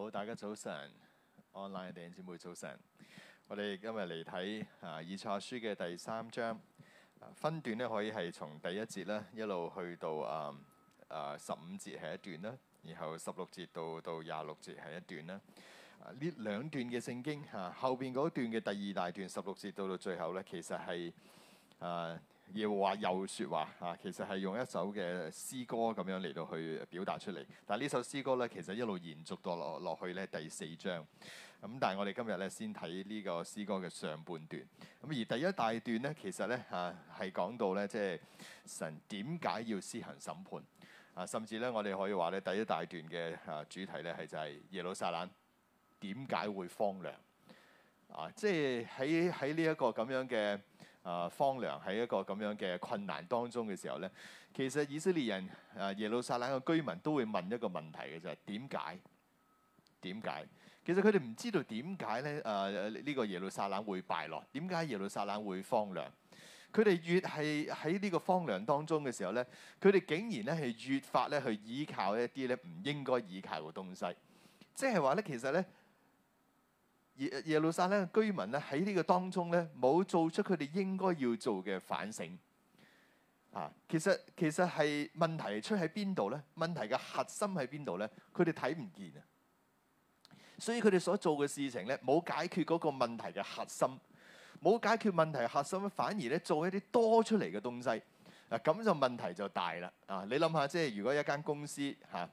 好，大家早晨，online 弟兄姊妹早晨。我哋今日嚟睇啊，以賽亞書嘅第三章，啊、分段咧可以係從第一節咧一路去到啊啊十五節係一段啦，然後十六節到到廿六節係一段啦。呢、啊、兩段嘅聖經吓、啊，後邊嗰段嘅第二大段十六節到到最後咧，其實係啊。要說話又説話啊，其實係用一首嘅詩歌咁樣嚟到去表達出嚟。但係呢首詩歌咧，其實一路延續到落落去咧第四章。咁但係我哋今日咧先睇呢個詩歌嘅上半段。咁而第一大段咧，其實咧啊係講到咧，即係神點解要施行審判啊？甚至咧，我哋可以話咧，第一大段嘅啊主題咧係就係耶路撒冷點解會荒涼啊？即係喺喺呢一個咁樣嘅。啊，荒涼喺一個咁樣嘅困難當中嘅時候咧，其實以色列人啊，耶路撒冷嘅居民都會問一個問題嘅就係點解？點解？其實佢哋唔知道點解咧？啊，呢個耶路撒冷會敗落，點解耶路撒冷會荒涼？佢哋越係喺呢個荒涼當中嘅時候咧，佢哋竟然咧係越發咧去依靠一啲咧唔應該依靠嘅東西，即係話咧，其實咧。耶耶路撒冷嘅居民咧，喺呢個當中咧，冇做出佢哋應該要做嘅反省啊！其實其實係問題出喺邊度咧？問題嘅核心喺邊度咧？佢哋睇唔見啊！所以佢哋所做嘅事情咧，冇解決嗰個問題嘅核心，冇解決問題核心，反而咧，做一啲多出嚟嘅東西啊！咁就問題就大啦啊！你諗下，即係如果一間公司嚇。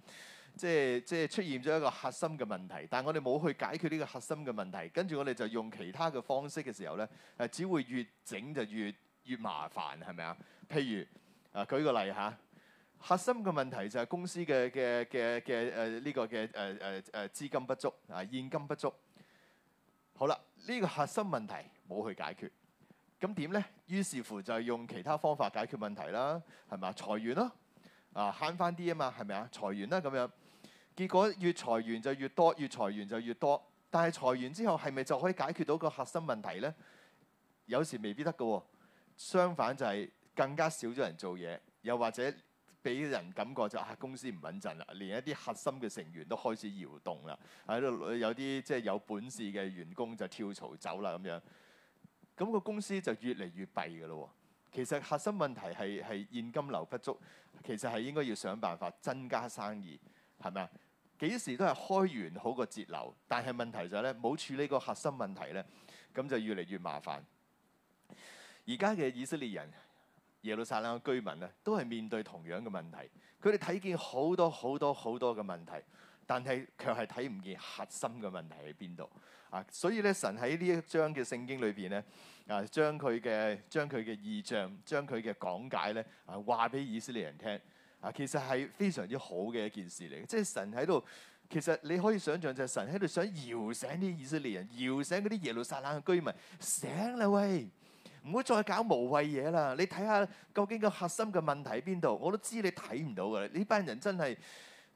即係即係出現咗一個核心嘅問題，但係我哋冇去解決呢個核心嘅問題，跟住我哋就用其他嘅方式嘅時候咧，誒只會越整就越越麻煩，係咪啊？譬如誒、啊、舉個例吓，核心嘅問題就係公司嘅嘅嘅嘅誒呢個嘅誒誒誒資金不足啊，現金不足。好啦，呢個核心問題冇去解決，咁點咧？於是乎就用其他方法解決問題啦，係咪啊？裁員咯、啊，啊慳翻啲啊嘛，係咪啊？裁員啦、啊、咁、啊、樣。結果越裁員就越多，越裁員就越多。但係裁員之後係咪就可以解決到個核心問題呢？有時未必得嘅喎。相反就係更加少咗人做嘢，又或者俾人感覺就係，啊公司唔穩陣啦，連一啲核心嘅成員都開始搖動啦。喺度有啲即係有本事嘅員工就跳槽走啦咁樣。咁個公司就越嚟越弊嘅咯。其實核心問題係係現金流不足，其實係應該要想辦法增加生意，係咪啊？幾時都係開源好過節流，但係問題就係咧冇處理個核心問題咧，咁就越嚟越麻煩。而家嘅以色列人、耶路撒冷嘅居民咧，都係面對同樣嘅問題。佢哋睇見好多好多好多嘅問題，但係卻係睇唔見核心嘅問題喺邊度啊！所以咧，神喺呢一章嘅聖經裏邊咧，啊，將佢嘅將佢嘅意象、將佢嘅講解咧，啊，話俾以色列人聽。啊，其實係非常之好嘅一件事嚟，即係神喺度。其實你可以想象就係神喺度想搖醒啲以色列人，搖醒嗰啲耶路撒冷嘅居民，醒啦喂，唔好再搞無謂嘢啦。你睇下究竟個核心嘅問題喺邊度？我都知你睇唔到噶啦，呢班人真係，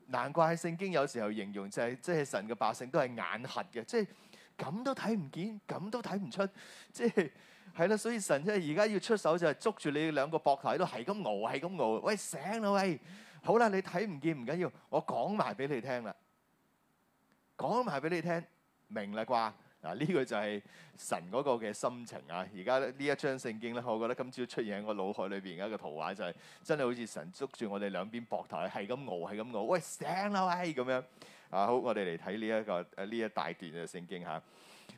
難怪聖經有時候形容就係即係神嘅百姓都係眼核嘅，即係咁都睇唔見，咁都睇唔出，即係。係啦，所以神即係而家要出手就係捉住你兩個膊頭喺度，係咁熬，係咁熬。喂醒啦喂！好啦，你睇唔見唔緊要，我講埋俾你聽啦，講埋俾你聽，明啦啩？嗱、啊、呢個就係神嗰個嘅心情啊！而家呢一章聖經咧，我覺得今朝出現喺我腦海裏邊嘅一個圖畫就係、是，真係好似神捉住我哋兩邊膊頭，係咁熬，係咁熬。喂醒啦喂！咁樣啊，好，我哋嚟睇呢一個誒呢一大段嘅聖經吓。啊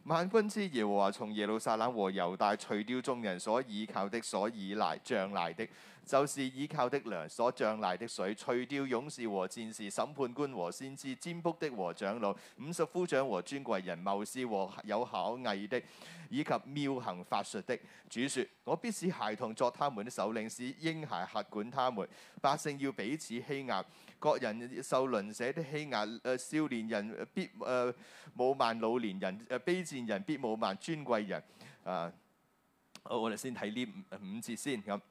萬軍之耶和華從耶路撒冷和猶大除掉眾人所倚靠的、所倚賴、仗賴的，就是依靠的糧、所仗賴的水。除掉勇士和戰士、審判官和先知、占卜的和長老、五十夫長和尊貴人、謀士和有巧藝的，以及妙行法術的。主說：我必使孩童作他們的首領，使嬰孩轄管他們。百姓要彼此欺壓。各人受鄰舍的欺壓，誒少年人必誒侮慢老年人，誒、呃、卑賤人必侮慢尊貴人，啊！我我哋先睇呢五節先咁。呢、啊、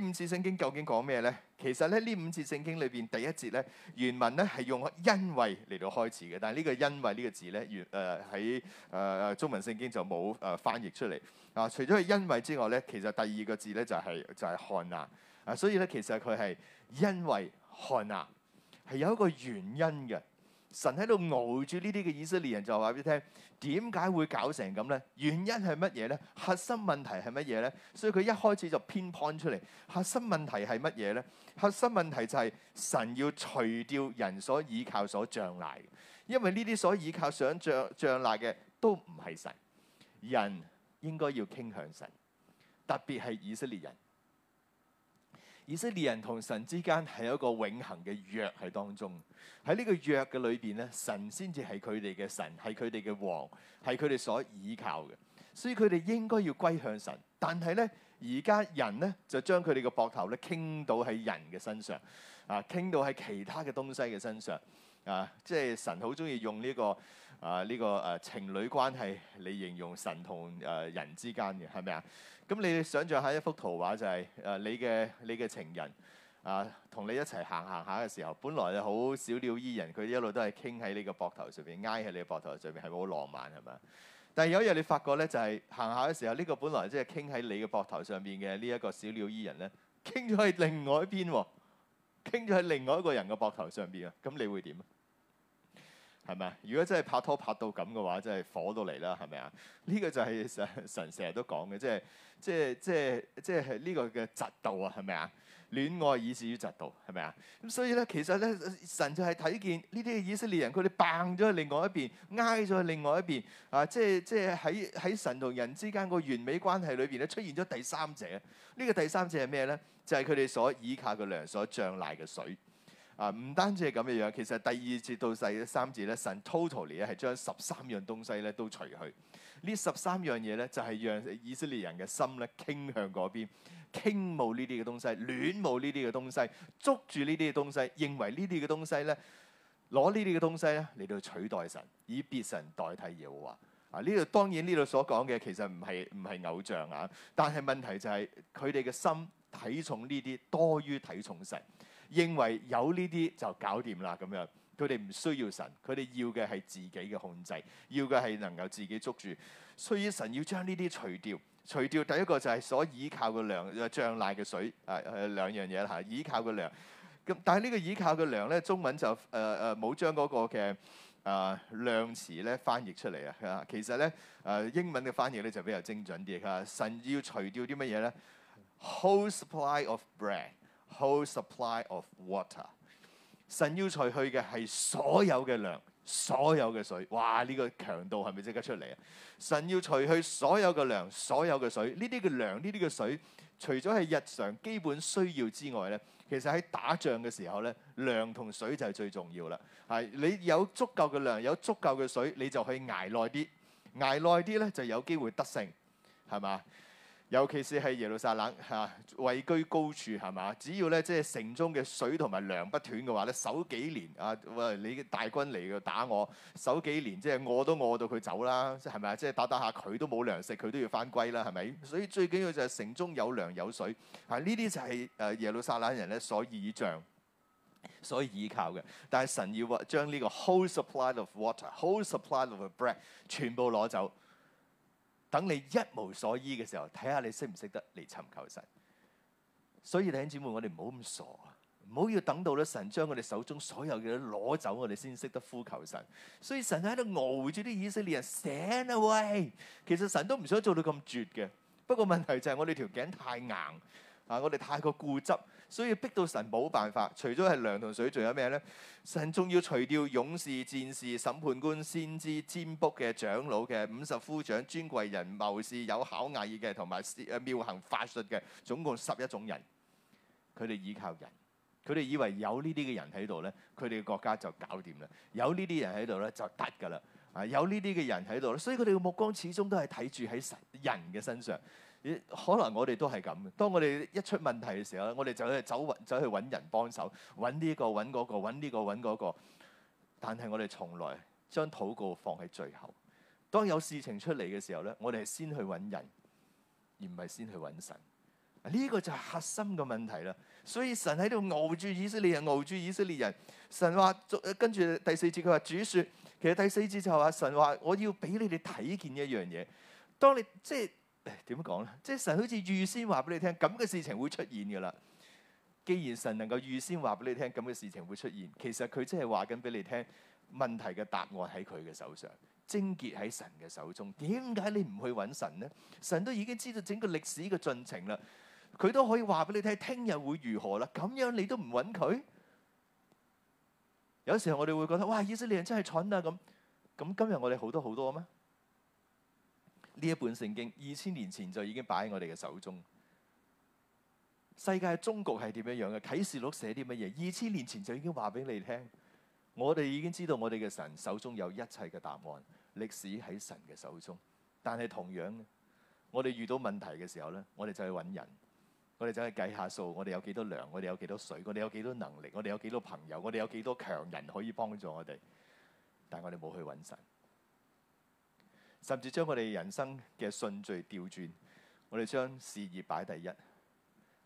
五節聖經究竟講咩咧？其實咧，呢五節聖經裏邊第一節咧，原文咧係用因為嚟到開始嘅，但係呢個因為呢個字咧，原誒喺誒中文聖經就冇誒翻譯出嚟啊。除咗係因為之外咧，其實第二個字咧就係、是、就係看哪啊，所以咧其實佢係因為看哪。係有一個原因嘅，神喺度熬住呢啲嘅以色列人就，就話俾你聽，點解會搞成咁咧？原因係乜嘢咧？核心問題係乜嘢咧？所以佢一開始就偏 point 出嚟，核心問題係乜嘢咧？核心問題就係、是、神要除掉人所倚靠所障礙。因為呢啲所倚靠想障障礙嘅都唔係神，人應該要傾向神，特別係以色列人。以色列人同神之間係有一個永恆嘅約喺當中，喺呢個約嘅裏邊咧，神先至係佢哋嘅神，係佢哋嘅王，係佢哋所倚靠嘅。所以佢哋應該要歸向神。但係咧，而家人咧就將佢哋嘅膊頭咧傾倒喺人嘅身上，啊傾到喺其他嘅東西嘅身上，啊即係神好中意用呢、這個啊呢、這個誒情侶關係嚟形容神同誒、啊、人之間嘅，係咪啊？咁你想象下一幅圖畫就係、是、誒、呃、你嘅你嘅情人啊，同、呃、你一齊行行下嘅時候，本來就好小鳥依人，佢一路都係傾喺你嘅膊頭上邊，挨喺你嘅膊頭上邊，係咪好浪漫係嘛？但係有一日你發覺咧，就係行下嘅時候，呢、這個本來即係傾喺你嘅膊頭上邊嘅呢一個小鳥依人咧，傾咗去另外一邊喎、啊，傾咗喺另外一個人嘅膊頭上邊啊！咁你會點啊？係咪啊？如果真係拍拖拍到咁嘅話，真係火到嚟啦，係咪啊？呢、這個就係神神成日都講嘅，即係即係即係即係呢個嘅嫉妒啊，係咪啊？戀愛以至於嫉妒，係咪啊？咁所以咧，其實咧，神就係睇見呢啲以色列人，佢哋掟咗去另外一邊，挨咗去另外一邊啊！即係即係喺喺神同人之間個完美關係裏邊咧，出現咗第三者。呢、這個第三者係咩咧？就係佢哋所依靠嘅糧，所仗賴嘅水。啊，唔單止係咁嘅樣，其實第二節到第三節咧，神 totally 咧係將十三樣東西咧都除去。呢十三樣嘢咧就係讓以色列人嘅心咧傾向嗰邊，傾慕呢啲嘅東西，戀慕呢啲嘅東西，捉住呢啲嘅東西，認為呢啲嘅東西咧，攞呢啲嘅東西咧嚟到取代神，以別神代替耶和華。啊，呢度當然呢度所講嘅其實唔係唔係偶像啊，但係問題就係佢哋嘅心睇重呢啲多於睇重神。認為有呢啲就搞掂啦咁樣，佢哋唔需要神，佢哋要嘅係自己嘅控制，要嘅係能夠自己捉住。所以神要將呢啲除掉，除掉第一個就係所倚靠嘅糧，誒仗賴嘅水，啊係、啊、兩樣嘢啦嚇，倚靠嘅糧。咁但係呢個倚靠嘅糧，咧，中文就誒誒冇將嗰個嘅啊、呃、量詞咧翻譯出嚟啊。其實咧誒、啊、英文嘅翻譯咧就比較精準啲啊。神要除掉啲乜嘢咧？Whole supply of bread。whole supply of water，神要除去嘅係所有嘅糧，所有嘅水。哇！呢個強度係咪即刻出嚟啊？神要除去所有嘅糧，所有嘅水。呢啲嘅糧，呢啲嘅水，除咗係日常基本需要之外咧，其實喺打仗嘅時候咧，糧同水就係最重要啦。係你有足夠嘅糧，有足夠嘅水，你就可以挨耐啲，挨耐啲咧就有機會得勝，係嘛？尤其是喺耶路撒冷嚇、啊，位居高處係咪啊？只要咧即係城中嘅水同埋糧不斷嘅話咧，守幾年啊！喂，你嘅大軍嚟到打我，守幾年即係餓都餓到佢走啦，即係咪啊？即係打打下佢都冇糧食，佢都要翻歸啦，係咪？所以最緊要就係城中有糧有水。係呢啲就係誒耶路撒冷人咧所倚仗，所以倚靠嘅。但係神要將呢個 whole supply of water，whole supply of bread 全部攞走。等你一無所依嘅時候，睇下你識唔識得嚟尋求神。所以弟兄姊妹，我哋唔好咁傻啊，唔好要等到咧神將我哋手中所有嘢都攞走，我哋先識得呼求神。所以神喺度熬住啲以色列人，醒啊喂！其實神都唔想做到咁絕嘅，不過問題就係我哋條頸太硬啊，我哋太過固執。所以逼到神冇辦法，除咗係糧同水，仲有咩咧？神仲要除掉勇士、戰士、審判官、先知、占卜嘅長老嘅五十夫長、尊貴人、謀士有考、有巧藝嘅，同埋妙行法術嘅，總共十一種人。佢哋倚靠人，佢哋以為有呢啲嘅人喺度咧，佢哋嘅國家就搞掂啦。有呢啲人喺度咧就得㗎啦。啊，有呢啲嘅人喺度咧，所以佢哋嘅目光始終都係睇住喺神人嘅身上。可能我哋都係咁，當我哋一出問題嘅時候咧，我哋就去走走去揾人幫手，揾呢個揾嗰個，揾呢個揾嗰個。但係我哋從來將禱告放喺最後。當有事情出嚟嘅時候咧，我哋係先去揾人，而唔係先去揾神。呢個就係核心嘅問題啦。所以神喺度熬住以色列人，熬住以色列人。神話，跟住第四節佢話主説，其實第四節就話神話，我要俾你哋睇見一樣嘢。當你即係。點講咧？即係神好似預先話俾你聽，咁嘅事情會出現噶啦。既然神能夠預先話俾你聽，咁嘅事情會出現，其實佢真係話緊俾你聽，問題嘅答案喺佢嘅手上，症結喺神嘅手中。點解你唔去揾神呢？神都已經知道整個歷史嘅進程啦，佢都可以話俾你聽，聽日會如何啦？咁樣你都唔揾佢？有時候我哋會覺得，哇！以色列人真係蠢啊！咁咁今日我哋好多好多咩？呢一本聖經二千年前就已經擺喺我哋嘅手中。世界嘅終局係點樣樣嘅？啟示錄寫啲乜嘢？二千年前就已經話俾你聽。我哋已經知道我哋嘅神手中有一切嘅答案。歷史喺神嘅手中。但係同樣，我哋遇到問題嘅時候呢，我哋就去揾人。我哋就去計下數，我哋有幾多糧，我哋有幾多水，我哋有幾多能力，我哋有幾多朋友，我哋有幾多強人可以幫助我哋。但係我哋冇去揾神。甚至將我哋人生嘅順序調轉，我哋將事業擺第一，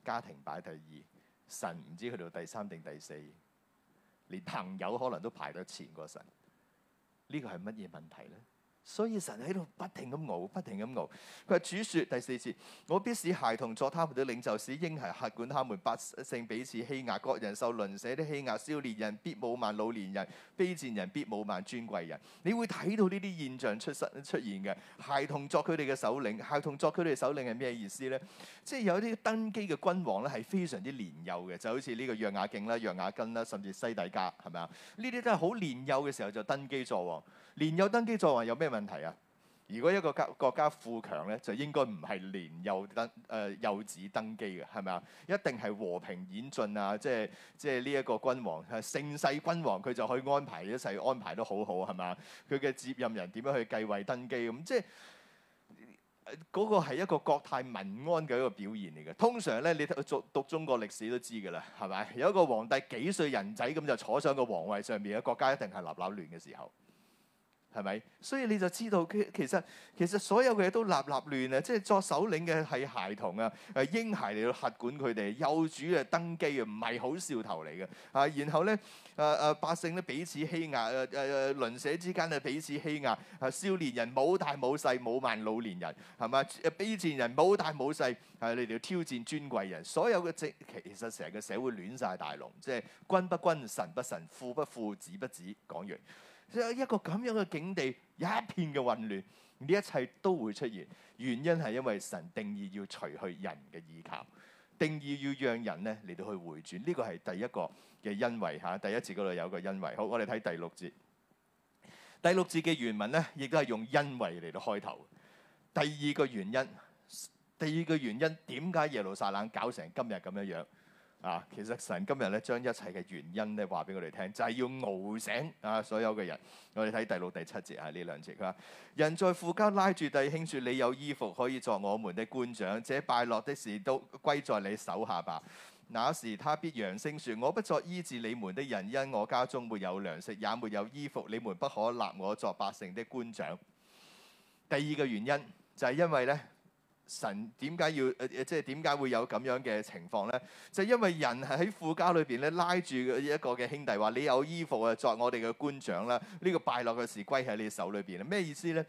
家庭擺第二，神唔知去到第三定第四，連朋友可能都排到前過神，呢個係乜嘢問題咧？所以神喺度不停咁熬，不停咁熬。佢話：主説第四次，我必使孩童作他們的領袖，使嬰孩轄管他們，百姓彼此欺壓，各人受鄰舍的欺壓，少年人必侮慢老年人，卑賤人必侮慢尊貴人。你會睇到呢啲現象出生出現嘅，孩童作佢哋嘅首領，孩童作佢哋嘅首領係咩意思咧？即係有啲登基嘅君王咧，係非常之年幼嘅，就好似呢個約雅敬啦、約雅根啦，甚至西底家係咪啊？呢啲都係好年幼嘅時候就登基做王。年幼登基作為有咩問題啊？如果一個家國家富強咧，就應該唔係年幼登誒幼子登基嘅，係咪啊？一定係和平演進啊！即係即係呢一個君王係盛世君王，佢就可以安排一世安排得好好係咪啊？佢嘅接任人點樣去繼位登基咁？即係嗰個係一個國泰民安嘅一個表現嚟嘅。通常咧，你讀讀中國歷史都知㗎啦，係咪？有一個皇帝幾歲人仔咁就坐上個皇位上面，嘅國家，一定係立立亂嘅時候。係咪？所以你就知道，其其實其實所有嘅嘢都立立亂啊！即係作首領嘅係孩童啊，係嬰孩嚟到轄管佢哋，幼主啊登基啊，唔係好兆頭嚟嘅啊！然後咧，誒、啊、誒、啊、百姓咧彼此欺壓，誒誒誒鄰舍之間啊彼此欺壓、啊，少年人冇大冇細侮慢老年人係嘛？卑賤人冇大冇細，係、啊、你哋要挑戰尊貴人，所有嘅政其實成個社會亂晒大龍，即係君不君，臣不臣，父不父，子不子。講完。即一個咁樣嘅境地，有一片嘅混亂，呢一切都會出現。原因係因為神定意要除去人嘅倚靠，定意要讓人咧嚟到去回轉。呢、這個係第一個嘅因為嚇，第一節嗰度有個因為。好，我哋睇第六節。第六節嘅原文咧，亦都係用因為嚟到開頭。第二個原因，第二個原因點解耶路撒冷搞成今日咁樣樣？啊，其實神今日咧將一切嘅原因咧話俾我哋聽，就係要熬醒啊所有嘅人。我哋睇第六第七節啊，呢兩節啊。人在父家拉住弟兄説：你有衣服可以作我們的官長，這敗落的事都歸在你手下吧。那時他必揚聲説：我不作醫治你們的人，因我家中沒有糧食，也沒有衣服。你們不可立我作百姓的官長。第二個原因就係、是、因為咧。神點解要誒誒、呃，即係點解會有咁樣嘅情況咧？就是、因為人喺父家裏邊咧，拉住一個嘅兄弟話：你有衣服啊，作我哋嘅官長啦。呢、這個敗落嘅事歸喺你手裏邊啦。咩意思咧？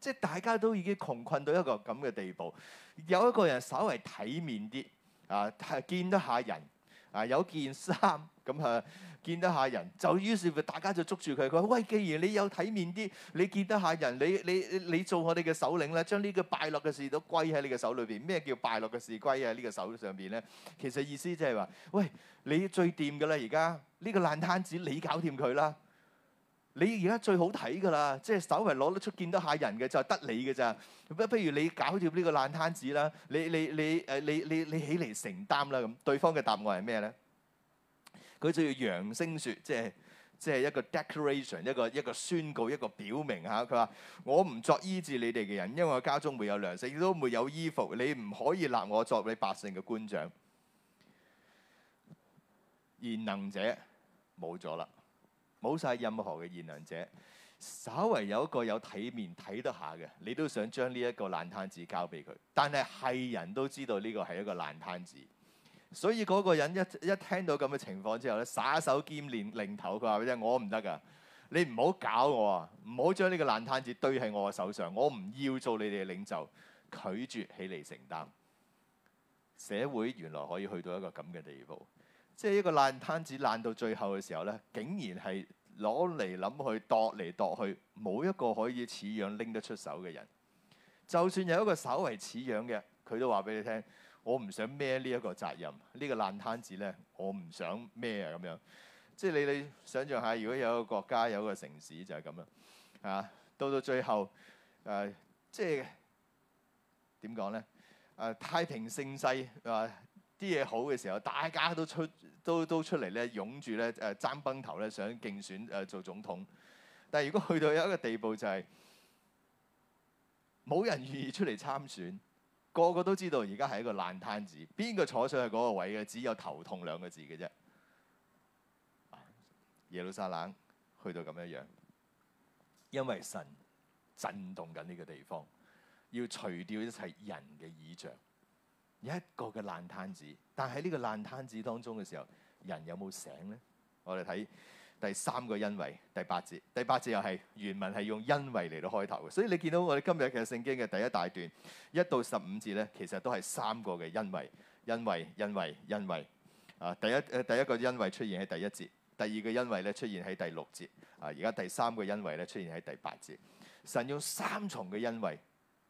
即係大家都已經窮困到一個咁嘅地步，有一個人稍微體面啲啊，見得下人啊，有件衫咁啊。啊見得下人就於是大家就捉住佢，佢話：喂，既然你有體面啲，你見得下人，你你你，你做我哋嘅首領咧，將呢個敗落嘅事都歸喺你嘅手裏邊。咩叫敗落嘅事歸喺呢個手上邊咧？其實意思即係話：喂，你最掂㗎啦，而家呢個爛攤子你搞掂佢啦。你而家最好睇㗎啦，即係稍微攞得出見得下人嘅就係得你㗎咋。不不如你搞掂呢個爛攤子啦，你你你誒你你你，你起嚟承擔啦咁。對方嘅答案係咩咧？佢就要揚聲説，即係即係一個 declaration，一個一個宣告，一個表明嚇。佢話：我唔作醫治你哋嘅人，因為我家中沒有糧食，亦都沒有衣服。你唔可以立我作你百姓嘅官長。賢能者冇咗啦，冇晒任何嘅賢能者。稍為有一個有體面睇得下嘅，你都想將呢一個爛攤子交俾佢。但係係人都知道呢個係一個爛攤子。所以嗰個人一一聽到咁嘅情況之後咧，耍手兼連擰頭，佢話俾你聽：我唔得㗎，你唔好搞我啊！唔好將呢個爛攤子堆喺我嘅手上，我唔要做你哋嘅領袖，拒絕起嚟承擔。社會原來可以去到一個咁嘅地步，即係一個爛攤子爛到最後嘅時候咧，竟然係攞嚟諗去度嚟度去，冇一個可以似樣拎得出手嘅人。就算有一個稍為似樣嘅，佢都話俾你聽。我唔想孭呢一個責任，這個、爛攤呢個爛攤子咧，我唔想孭啊！咁樣，即係你你想象下，如果有一個國家有一個城市就係咁啦，啊，到到最後誒、啊，即係點講咧？誒、啊、太平盛世啊，啲嘢好嘅時候，大家都出都都出嚟咧，擁住咧誒、呃、爭崩頭咧，想競選誒、呃、做總統。但係如果去到有一個地步就係、是、冇人願意出嚟參選。 個個都知道而家係一個爛攤子，邊個坐上去嗰個位嘅？只有頭痛兩個字嘅啫。耶路撒冷去到咁樣樣，因為神震動緊呢個地方，要除掉一切人嘅倚仗，一個嘅爛攤子。但喺呢個爛攤子當中嘅時候，人有冇醒咧？我哋睇。第三個因為第八節，第八節又係原文係用因為嚟到開頭嘅，所以你見到我哋今日嘅聖經嘅第一大段一到十五節咧，其實都係三個嘅因為，因為，因為，因為啊，第一誒、啊、第一個因為出現喺第一節，第二個因為咧出現喺第六節啊，而家第三個因為咧出現喺第八節，神用三重嘅因為，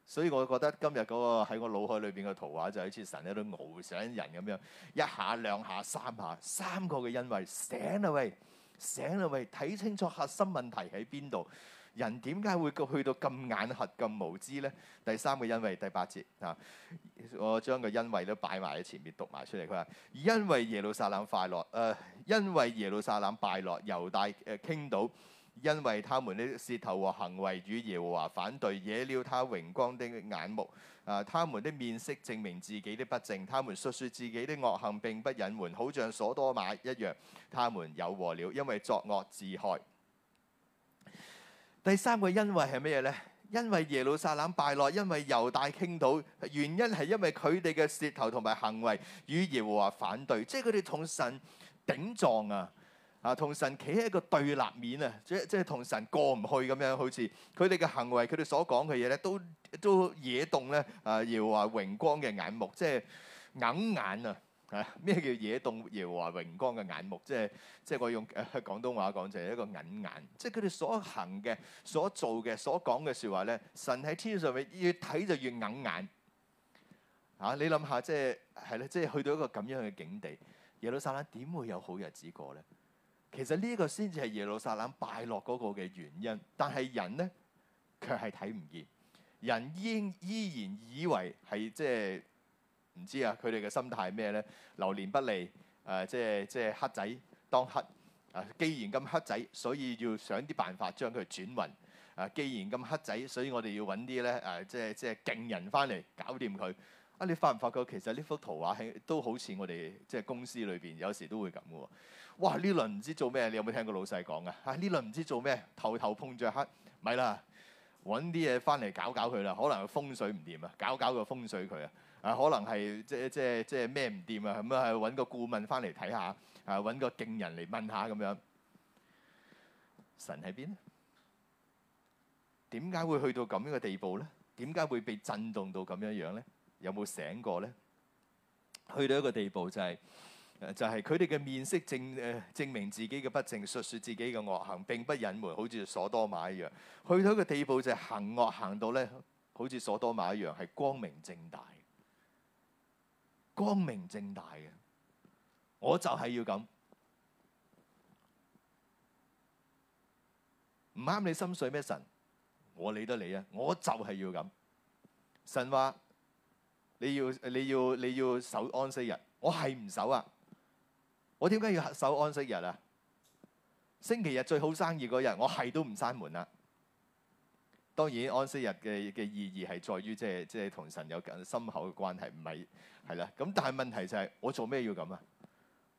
所以我覺得今日嗰個喺我腦海裏邊嘅圖畫就好似神喺度熬醒人咁樣，一下兩下三下，三個嘅因為，醒啦，喂！醒啦！喂，睇清楚核心問題喺邊度？人點解會去到咁眼核、咁無知呢？第三個因為第八節啊，我將個因為都擺埋喺前面讀埋出嚟。佢話：因為耶路撒冷快樂，誒、呃，因為耶路撒冷敗落，猶大誒、呃、傾倒。因為他們的舌頭和行為與耶和華反對，惹了他榮光的眼目。啊，他們的面色證明自己的不正，他們述説自己的惡行並不隱瞞，好像所多瑪一樣。他們有禍了，因為作惡自害。第三個因為係乜嘢呢？因為耶路撒冷敗落，因為猶大傾倒。原因係因為佢哋嘅舌頭同埋行為與耶和華反對，即係佢哋同神頂撞啊！啊！同神企喺一個對立面啊，即即係同神過唔去咁樣，好似佢哋嘅行為，佢哋所講嘅嘢咧，都都惹動咧。啊，搖華榮光嘅眼目，即係揞眼啊！咩叫惹動搖華榮光嘅眼目？即係即係我用、啊、廣東話講就係、是、一個揞眼，即係佢哋所行嘅、所做嘅、所講嘅説話咧，神喺天上面越睇就越揞眼啊！你諗下，即係係啦，即係去到一個咁樣嘅境地，耶路撒冷點會有好日子過咧？其實呢個先至係耶路撒冷敗落嗰個嘅原因，但係人咧卻係睇唔見，人依依然以為係即係唔知啊，佢哋嘅心態係咩咧？流年不利，誒、呃、即係即係黑仔當黑，誒、啊、既然咁黑仔，所以要想啲辦法將佢轉運，誒、啊、既然咁黑仔，所以我哋要揾啲咧誒即係即係勁人翻嚟搞掂佢。啊，你發唔發覺其實呢幅圖畫係都好似我哋即係公司裏邊有時都會咁嘅喎。哇！呢輪唔知做咩？你有冇聽過老細講㗎？啊！呢輪唔知做咩？頭頭碰著黑，咪啦，揾啲嘢翻嚟搞搞佢啦。可能風水唔掂啊，搞搞個風水佢啊。啊，可能係即係即係即係咩唔掂啊？咁啊揾個顧問翻嚟睇下，啊揾個勁人嚟問下咁樣。神喺邊？點解會去到咁樣嘅地步咧？點解會被震動到咁樣樣咧？有冇醒過咧？去到一個地步就係。就係佢哋嘅面色證誒、呃、證明自己嘅不正，述説自己嘅惡行並不隱瞞，好似所多瑪一樣。去到一個地步，就係行惡行到咧，好似所多瑪一樣，係光明正大、光明正大嘅。我就係要咁，唔啱你心水咩？神，我理得你啊！我就係要咁。神話你要你要你要，你要守安息日，我係唔守啊！我點解要守安息日啊？星期日最好生意嗰日，我係都唔閂門啦。當然，安息日嘅嘅意義係在於即係即係同神有更深厚嘅關係，唔係係啦。咁但係問題就係、是，我做咩要咁啊？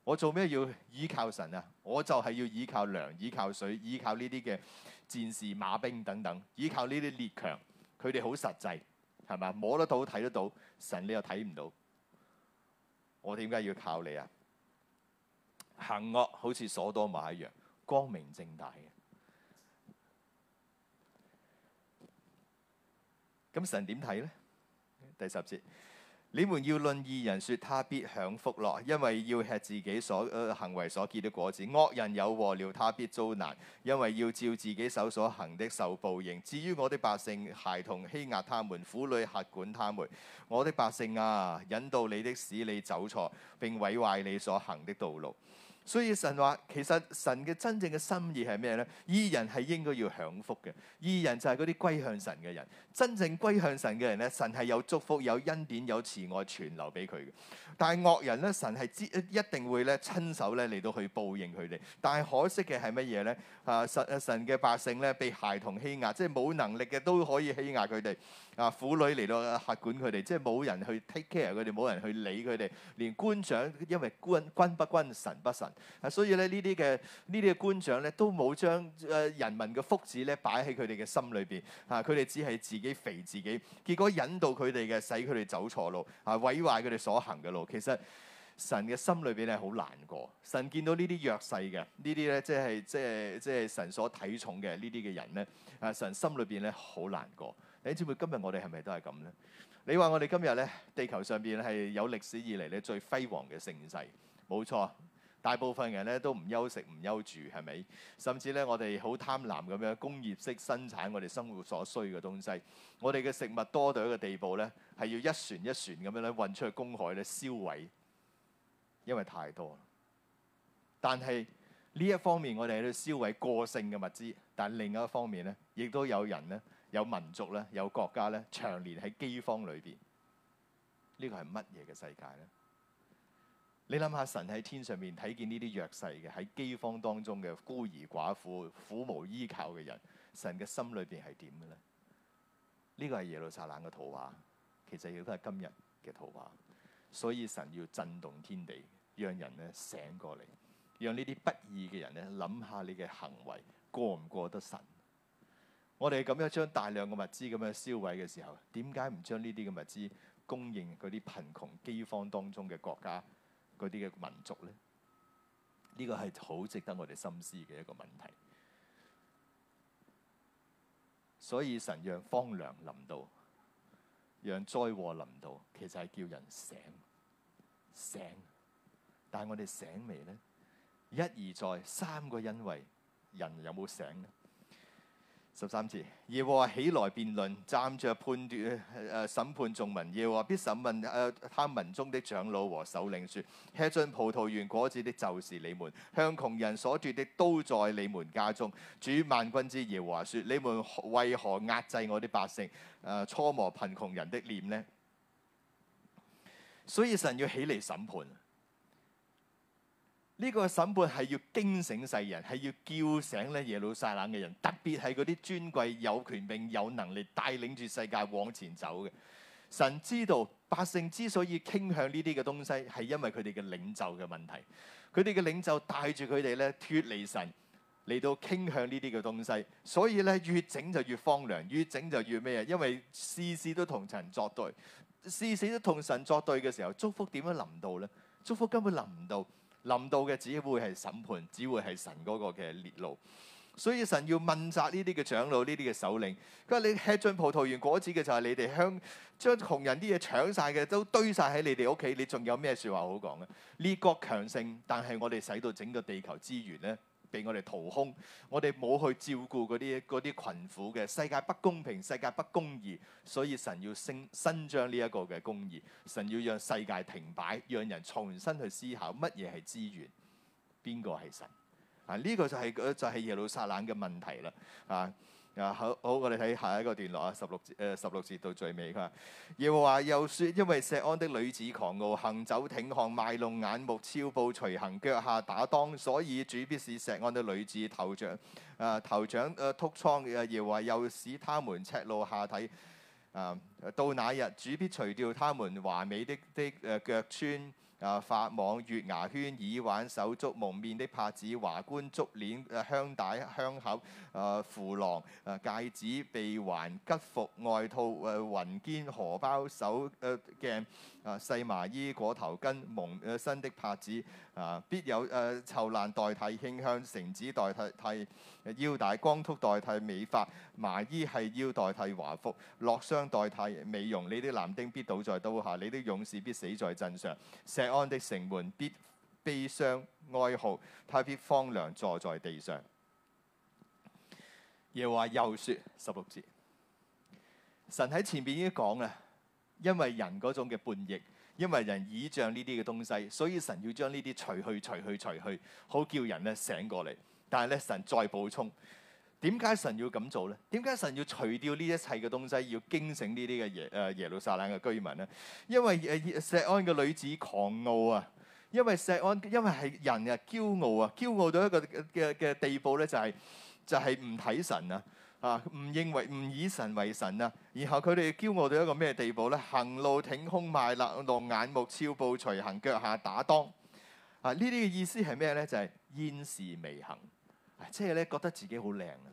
我做咩要依靠神啊？我就係要依靠糧、依靠水、依靠呢啲嘅戰士、馬兵等等，依靠呢啲列強，佢哋好實際，係咪摸得到、睇得到？神你又睇唔到，我點解要靠你啊？行惡好似所多瑪一樣，光明正大嘅。咁神點睇呢？第十節，你們要論義人說他必享福樂，因為要吃自己所、呃、行為所結的果子。惡人有禍了，他必遭難，因為要照自己手所行的受報應。至於我的百姓，孩童欺壓他們，婦女轄管他們。我的百姓啊，引導你的使你走錯，並毀壞你所行的道路。所以神話其實神嘅真正嘅心意係咩咧？義人係應該要享福嘅，義人就係嗰啲歸向神嘅人，真正歸向神嘅人咧，神係有祝福、有恩典、有慈愛傳流俾佢嘅。但係惡人咧，神係知一定會咧親手咧嚟到去報應佢哋。但係可惜嘅係乜嘢咧？啊，神神嘅百姓咧，被孩童欺壓，即係冇能力嘅都可以欺壓佢哋。啊！婦女嚟到客管佢哋，即係冇人去 take care 佢哋，冇人去理佢哋。連官長，因為官君不君，神不神啊，所以咧呢啲嘅呢啲官長咧都冇將誒人民嘅福祉咧擺喺佢哋嘅心裏邊啊！佢哋只係自己肥自己，結果引導佢哋嘅，使佢哋走錯路啊，毀壞佢哋所行嘅路。其實神嘅心裏邊係好難過，神見到呢啲弱勢嘅呢啲咧，即係即係即係神所睇重嘅呢啲嘅人咧啊，神心裏邊咧好難過。你知唔知今日我哋係咪都係咁咧？你話我哋今日咧，地球上邊係有歷史以嚟咧最輝煌嘅盛世，冇錯。大部分人咧都唔休食唔休住，係咪？甚至咧我哋好貪婪咁樣工業式生產我哋生活所需嘅東西。我哋嘅食物多到一個地步咧，係要一船一船咁樣咧運出去公海咧燒毀，因為太多。但係呢一方面我哋喺度燒毀過剩嘅物資，但另外一方面咧，亦都有人咧。有民族咧，有國家咧，長年喺饑荒裏邊，呢個係乜嘢嘅世界呢？你諗下，神喺天上面睇見呢啲弱勢嘅喺饑荒當中嘅孤兒寡婦、苦無依靠嘅人，神嘅心裏邊係點嘅呢？呢個係耶路撒冷嘅圖畫，其實亦都係今日嘅圖畫。所以神要震動天地，讓人咧醒過嚟，讓呢啲不義嘅人咧諗下你嘅行為過唔過得神？我哋咁樣將大量嘅物資咁樣銷毀嘅時候，點解唔將呢啲嘅物資供應嗰啲貧窮饑荒當中嘅國家嗰啲嘅民族呢？呢個係好值得我哋深思嘅一個問題。所以神讓荒涼臨到，讓災禍臨到，其實係叫人醒醒。但係我哋醒未呢？一而再，三個因為，人有冇醒呢？十三次，耶和華起來辯論，站着判斷誒審判眾民。耶和華必審問誒他民中的長老和首領，說：吃盡葡萄園果子的，就是你們；向窮人所奪的，都在你們家中。主萬軍之耶和華說：你們為何壓制我的百姓？誒、呃，磋磨貧窮人的臉呢？所以神要起嚟審判。呢個審判係要驚醒世人，係要叫醒咧耶路撒冷嘅人，特別係嗰啲尊貴、有權並有能力帶領住世界往前走嘅。神知道百姓之所以傾向呢啲嘅東西，係因為佢哋嘅領袖嘅問題。佢哋嘅領袖帶住佢哋咧，脫離神嚟到傾向呢啲嘅東西，所以咧越整就越荒涼，越整就越咩啊？因為事事都同神作對，事事都同神作對嘅時候，祝福點樣臨到呢？祝福根本臨唔到。臨到嘅只會係審判，只會係神嗰個嘅烈怒。所以神要問責呢啲嘅長老、呢啲嘅首領。佢話：你吃盡葡萄園果子嘅就係你哋香，將窮人啲嘢搶晒嘅都堆晒喺你哋屋企，你仲有咩説話好講嘅？列國強盛，但係我哋使到整個地球資源咧，俾我哋掏空，我哋冇去照顧嗰啲嗰啲困苦嘅，世界不公平，世界不公義，所以神要伸、伸張呢一個嘅公義，神要讓世界停擺，讓人重新去思考乜嘢係資源，邊個係神啊？呢個就係、就係耶路撒冷嘅問題啦啊！啊，好好，我哋睇下一個段落啊，十六節誒、呃、十六節到最尾，佢話：耶華又説，因為錫安的女子狂傲，行走挺項，賣弄眼目，超步隨行，腳下打當，所以主必是錫安的女子頭長，啊頭長誒禿瘡，誒耶華又使他們赤露下體，啊到那日主必除掉他們華美的的誒腳穿。啊！髮網、月牙圈、耳環、手足、蒙面的帕子、華冠、足鏈、香帶、香口、啊、符囊、啊、戒指、鼻環、吉服、外套、誒、啊、雲肩、荷包、手誒鏡、啊、細麻衣、裹頭巾、蒙誒、啊、新的帕子啊，必有誒、啊、臭爛代替馨香，繩子代替替。腰帶光禿代替美發，麻衣係腰代替華服，烙傷代替美容。你啲男丁必倒在刀下，你啲勇士必死在陣上。錫安的城門必悲傷哀號，他必荒涼坐在地上。耶和華又說：十六字神喺前面已經講啦，因為人嗰種嘅叛逆，因為人倚仗呢啲嘅東西，所以神要將呢啲除去、除去、除去,去，好叫人咧醒過嚟。但係咧，神再補充點解神要咁做咧？點解神要除掉呢一切嘅東西，要驚醒呢啲嘅耶誒耶路撒冷嘅居民咧？因為誒錫、啊、安嘅女子狂傲啊，因為錫安因為係人啊，驕傲啊，驕傲到一個嘅嘅地步咧、就是，就係就係唔睇神啊啊，唔認為唔以神為神啊。然後佢哋驕傲到一個咩地步咧？行路挺胸，賣弄眼目，俏步徐行，腳下打當啊！呢啲嘅意思係咩咧？就係、是、嫣視媚行。即係咧、啊啊，覺得自己好靚啊！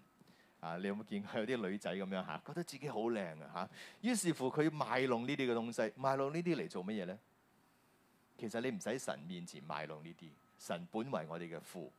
啊，你有冇見過有啲女仔咁樣嚇，覺得自己好靚啊嚇。於是乎佢賣弄呢啲嘅東西，賣弄呢啲嚟做乜嘢咧？其實你唔使神面前賣弄呢啲，神本為我哋嘅父，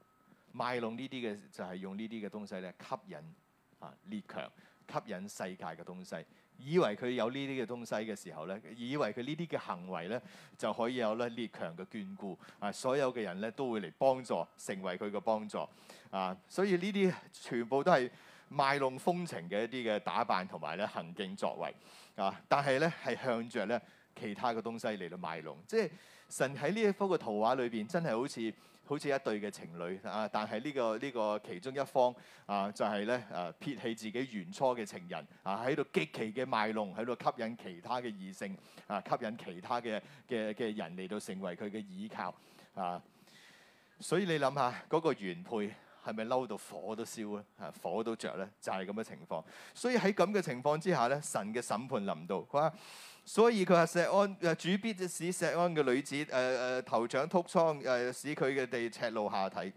賣弄呢啲嘅就係用呢啲嘅東西嚟吸引啊列強，吸引世界嘅東西。以為佢有呢啲嘅東西嘅時候咧，以為佢呢啲嘅行為咧就可以有咧列強嘅眷顧啊！所有嘅人咧都會嚟幫助，成為佢嘅幫助啊！所以呢啲全部都係賣弄風情嘅一啲嘅打扮同埋咧行徑作為啊！但係咧係向着咧其他嘅東西嚟到賣弄，即係神喺呢一幅嘅圖畫裏邊真係好似～好似一對嘅情侶啊，但係呢、呢個呢、呢個其中一方啊，就係、係、咧啊，撇棄自己原初嘅情人啊，喺度極其嘅賣弄，喺度吸引其他嘅異性啊，吸引其他嘅嘅嘅人嚟到成為佢嘅倚靠啊。所以你諗下，嗰、嗰個原配係咪嬲到火都燒咧？啊，火都着咧，就係咁嘅情況。所以喺咁嘅情況之下咧，神嘅審判臨到，佢話。所以佢話錫安，誒主必使錫安嘅女子誒誒、呃、頭長禿瘡，誒使佢嘅地赤露下體。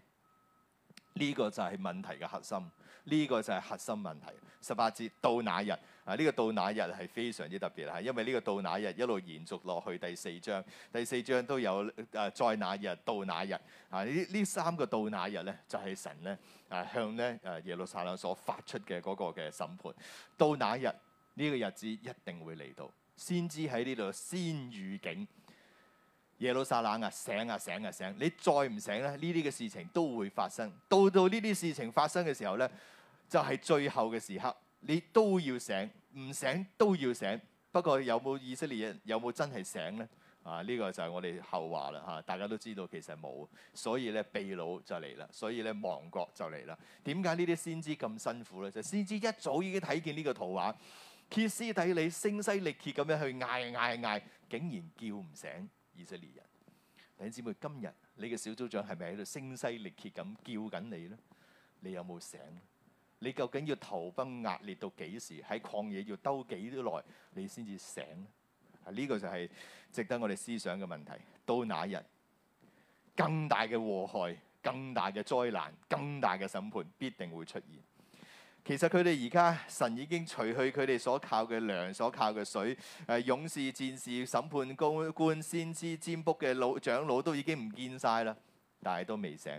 呢、這個就係問題嘅核心，呢、這個就係核心問題。十八節到那日啊？呢、這個到那日係非常之特別嚇，因為呢個到那日一路延續落去第四章，第四章都有誒在那日到那日啊？呢呢、啊、三個到那日咧，就係、是、神咧啊向咧誒、啊、耶路撒冷所發出嘅嗰個嘅審判。到那日呢、這個日子一定會嚟到。先知喺呢度先預警，耶路撒冷啊醒啊醒啊醒！你再唔醒咧，呢啲嘅事情都會發生。到到呢啲事情發生嘅時候咧，就係、是、最後嘅時刻，你都要醒，唔醒都要醒。不過有冇以色列人有冇真係醒咧？啊，呢、這個就係我哋後話啦吓、啊，大家都知道其實冇，所以咧被擄就嚟啦，所以咧亡國就嚟啦。點解呢啲先知咁辛苦咧？就是、先知一早已經睇見呢個圖畫。歇斯底里、聲嘶力竭咁樣去嗌、嗌、嗌，竟然叫唔醒以色列人。弟兄姊妹，今日你嘅小組長係咪喺度聲嘶力竭咁叫緊你咧？你有冇醒？你究竟要逃奔壓裂到幾時？喺曠野要兜幾耐？你先至醒咧？呢個就係值得我哋思想嘅問題。到那日，更大嘅禍害、更大嘅災難、更大嘅審判必定會出現。其實佢哋而家神已經除去佢哋所靠嘅糧、所靠嘅水。誒、啊，勇士、戰士、審判高官、官先知、占卜嘅老長老都已經唔見晒啦，但係都未醒。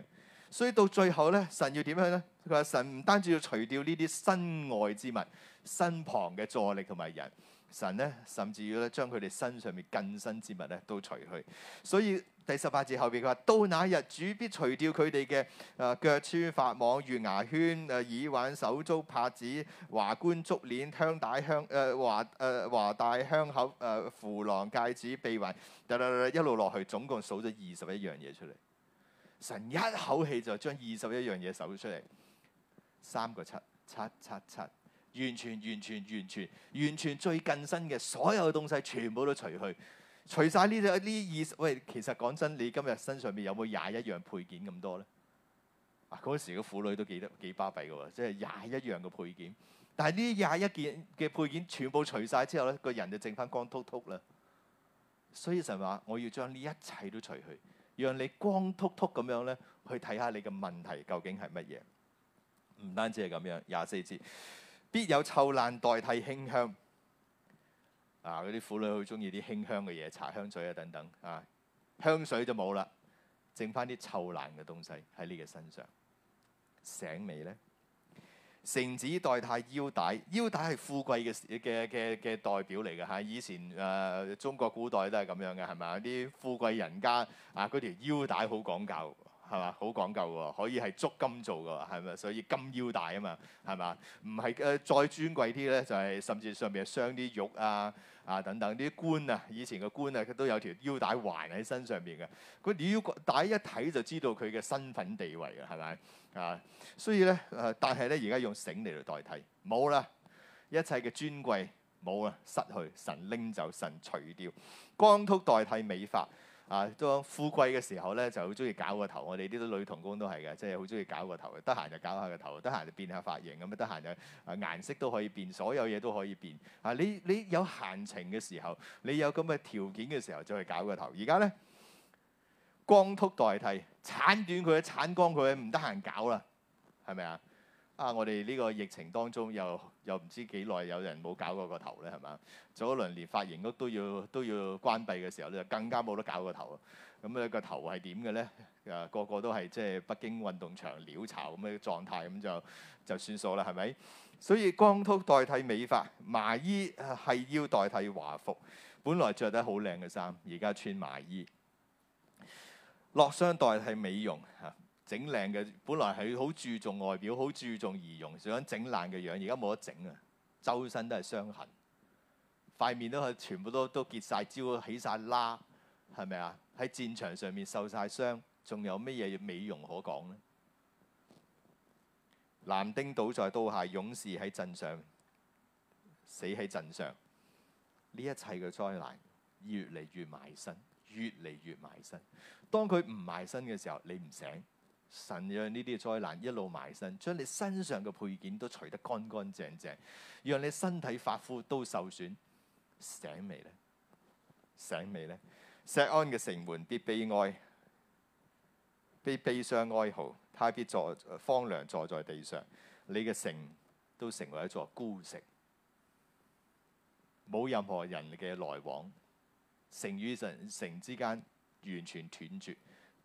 所以到最後咧，神要點樣咧？佢話神唔單止要除掉呢啲身外之物、身旁嘅助力同埋人，神咧甚至要咧將佢哋身上面近身之物咧都除去。所以。第十八字後邊佢話：到那日，主必除掉佢哋嘅誒腳穿髮網、月牙圈、誒、啊、耳環、手足拍子、華冠、足鏈、香帶香、香、呃、誒華誒、呃、華帶、香口誒符琅、呃、戒指、臂環，噠噠噠噠一路落去，總共數咗二十一樣嘢出嚟。神一口氣就將二十一樣嘢數出嚟，三個七，七七七，完全完全完全完全最近身嘅所有東西全部都除去。除晒呢啲呢二喂，其實講真，你今日身上邊有冇廿一樣配件咁多咧？嗱、啊，嗰時嘅婦女都幾得幾巴閉嘅喎，即係廿一樣嘅配件。但係呢廿一件嘅配件全部除晒之後咧，個人就剩翻光禿禿啦。所以神話，我要將呢一切都除去，讓你光禿禿咁樣咧，去睇下你嘅問題究竟係乜嘢。唔單止係咁樣，廿四節必有臭爛代替馨香。嗱，嗰啲、啊、婦女好中意啲馨香嘅嘢，茶香水啊等等。啊，香水就冇啦，剩翻啲臭爛嘅東西喺呢個身上。醒味咧，繩子代替腰帶，腰帶係富貴嘅嘅嘅嘅代表嚟嘅嚇。以前誒、呃、中國古代都係咁樣嘅，係咪啊？啲富貴人家啊，嗰條腰帶好講究，係嘛？好講究喎，可以係足金做嘅，係咪？所以金腰帶啊嘛，係嘛？唔係誒，再尊貴啲咧，就係甚至上邊係鑲啲玉啊。啊，等等啲官啊，以前嘅官啊，佢都有條腰帶環喺身上邊嘅。佢條腰帶一睇就知道佢嘅身份地位嘅，係咪？啊，所以咧，誒、呃，但係咧，而家用繩嚟代替，冇啦，一切嘅尊貴冇啦，失去，神拎走，神除掉，光禿代替美髮。啊，都富貴嘅時候咧，就好中意搞個頭。我哋啲都女童工都係嘅，即係好中意搞個頭。得閒就搞下個頭，得閒就變下髮型咁樣，得閒就啊、呃、顏色都可以變，所有嘢都可以變。啊，你你有閒情嘅時候，你有咁嘅條件嘅時候，就去搞個頭。而家咧，光禿代替，鏟短佢，鏟光佢，唔得閒搞啦，係咪啊？啊，我哋呢個疫情當中又～又唔知幾耐有人冇搞過個頭咧，係嘛？早一輪連髮型屋都要都要關閉嘅時候咧，就更加冇得搞個頭。咁咧個頭係點嘅咧？誒，個個都係即係北京運動場鳥巢咁嘅狀態，咁就就算數啦，係咪？所以光禿代替美髮，麻衣係要代替華服。本來着得好靚嘅衫，而家穿麻衣。落霜代替美容嚇。整靚嘅本來係好注重外表，好注重儀容，想整爛嘅樣。而家冇得整啊，周身都係傷痕，塊面都係全部都都結晒焦，起晒疤，係咪啊？喺戰場上面受晒傷，仲有咩嘢美容可講呢？男丁倒在刀下，勇士喺陣上死喺陣上。呢一切嘅災難越嚟越埋身，越嚟越埋身。當佢唔埋身嘅時候，你唔醒。神讓呢啲災難一路埋身，將你身上嘅配件都除得乾乾淨淨，讓你身體髮膚都受損。醒未呢？醒未呢？錫安嘅城門必悲哀，必悲傷哀號，他必坐荒涼坐在地上。你嘅城都成為一座孤城，冇任何人嘅來往，城與城城之間完全斷絕。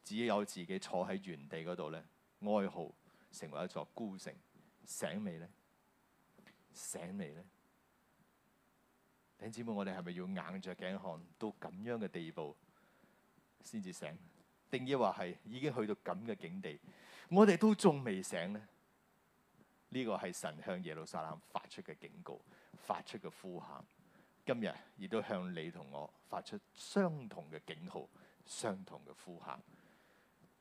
只有自己坐喺原地嗰度咧，哀嚎成為一座孤城。醒未呢？醒未呢？弟兄姊妹，我哋係咪要硬着頸看到咁樣嘅地步先至醒？定義話係已經去到咁嘅境地，我哋都仲未醒呢？呢個係神向耶路撒冷發出嘅警告，發出嘅呼喊。今日亦都向你同我發出相同嘅警號，相同嘅呼喊。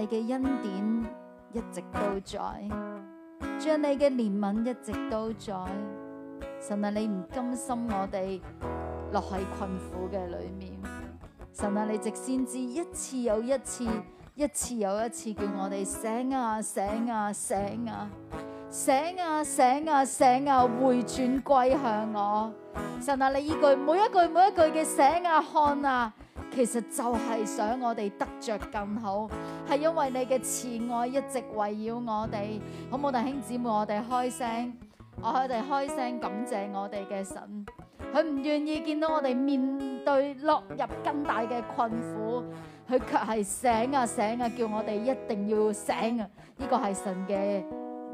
你嘅恩典一直都在，將你嘅憐憫一直都在。神啊，你唔甘心我哋落喺困苦嘅裏面。神啊，你直先知一次又一次，一次又一次叫我哋醒啊醒啊醒啊醒啊醒啊醒啊，醒啊回轉歸向我。神啊，你依句每一句每一句嘅醒啊看啊。其實就係想我哋得着更好，係因為你嘅慈愛一直圍繞我哋，好冇？弟兄姊妹，我哋開聲，我哋開聲感謝我哋嘅神，佢唔願意見到我哋面對落入更大嘅困苦，佢卻係醒啊醒啊，叫我哋一定要醒啊，呢個係神嘅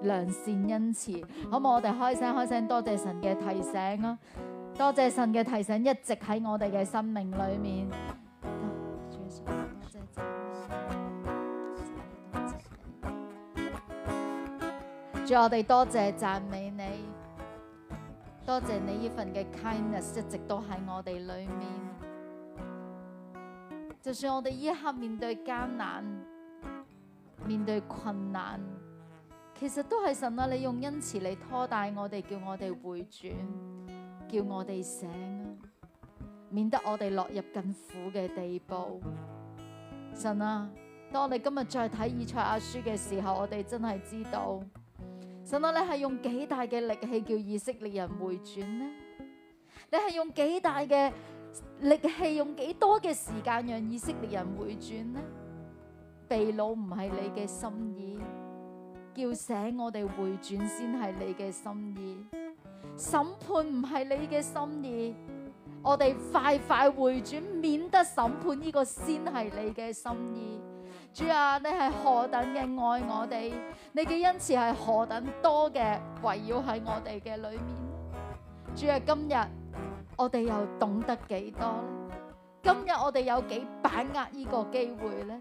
良善恩慈，好冇？我哋開聲開聲多謝神嘅提醒啊，多謝神嘅提醒一直喺我哋嘅生命裏面。主，我哋多謝讚美你，多謝你依份嘅 kindness，一直都喺我哋裏面。就算我哋依一刻面對艱難、面對困難，其實都係神啊！你用恩慈嚟拖帶我哋，叫我哋回轉，叫我哋醒啊！免得我哋落入更苦嘅地步，神啊！當你今日再睇以賽亞書嘅時候，我哋真係知道，神啊！你係用幾大嘅力氣叫以色列人回轉呢？你係用幾大嘅力氣，用幾多嘅時間讓以色列人回轉呢？被擄唔係你嘅心意，叫醒我哋回轉先係你嘅心意。審判唔係你嘅心意。我哋快快回轉，免得審判。呢個先係你嘅心意。主啊，你係何等嘅愛我哋，你嘅恩慈係何等多嘅，圍繞喺我哋嘅裏面。主啊，今日我哋又懂得幾多呢？今日我哋有幾把握呢個機會呢？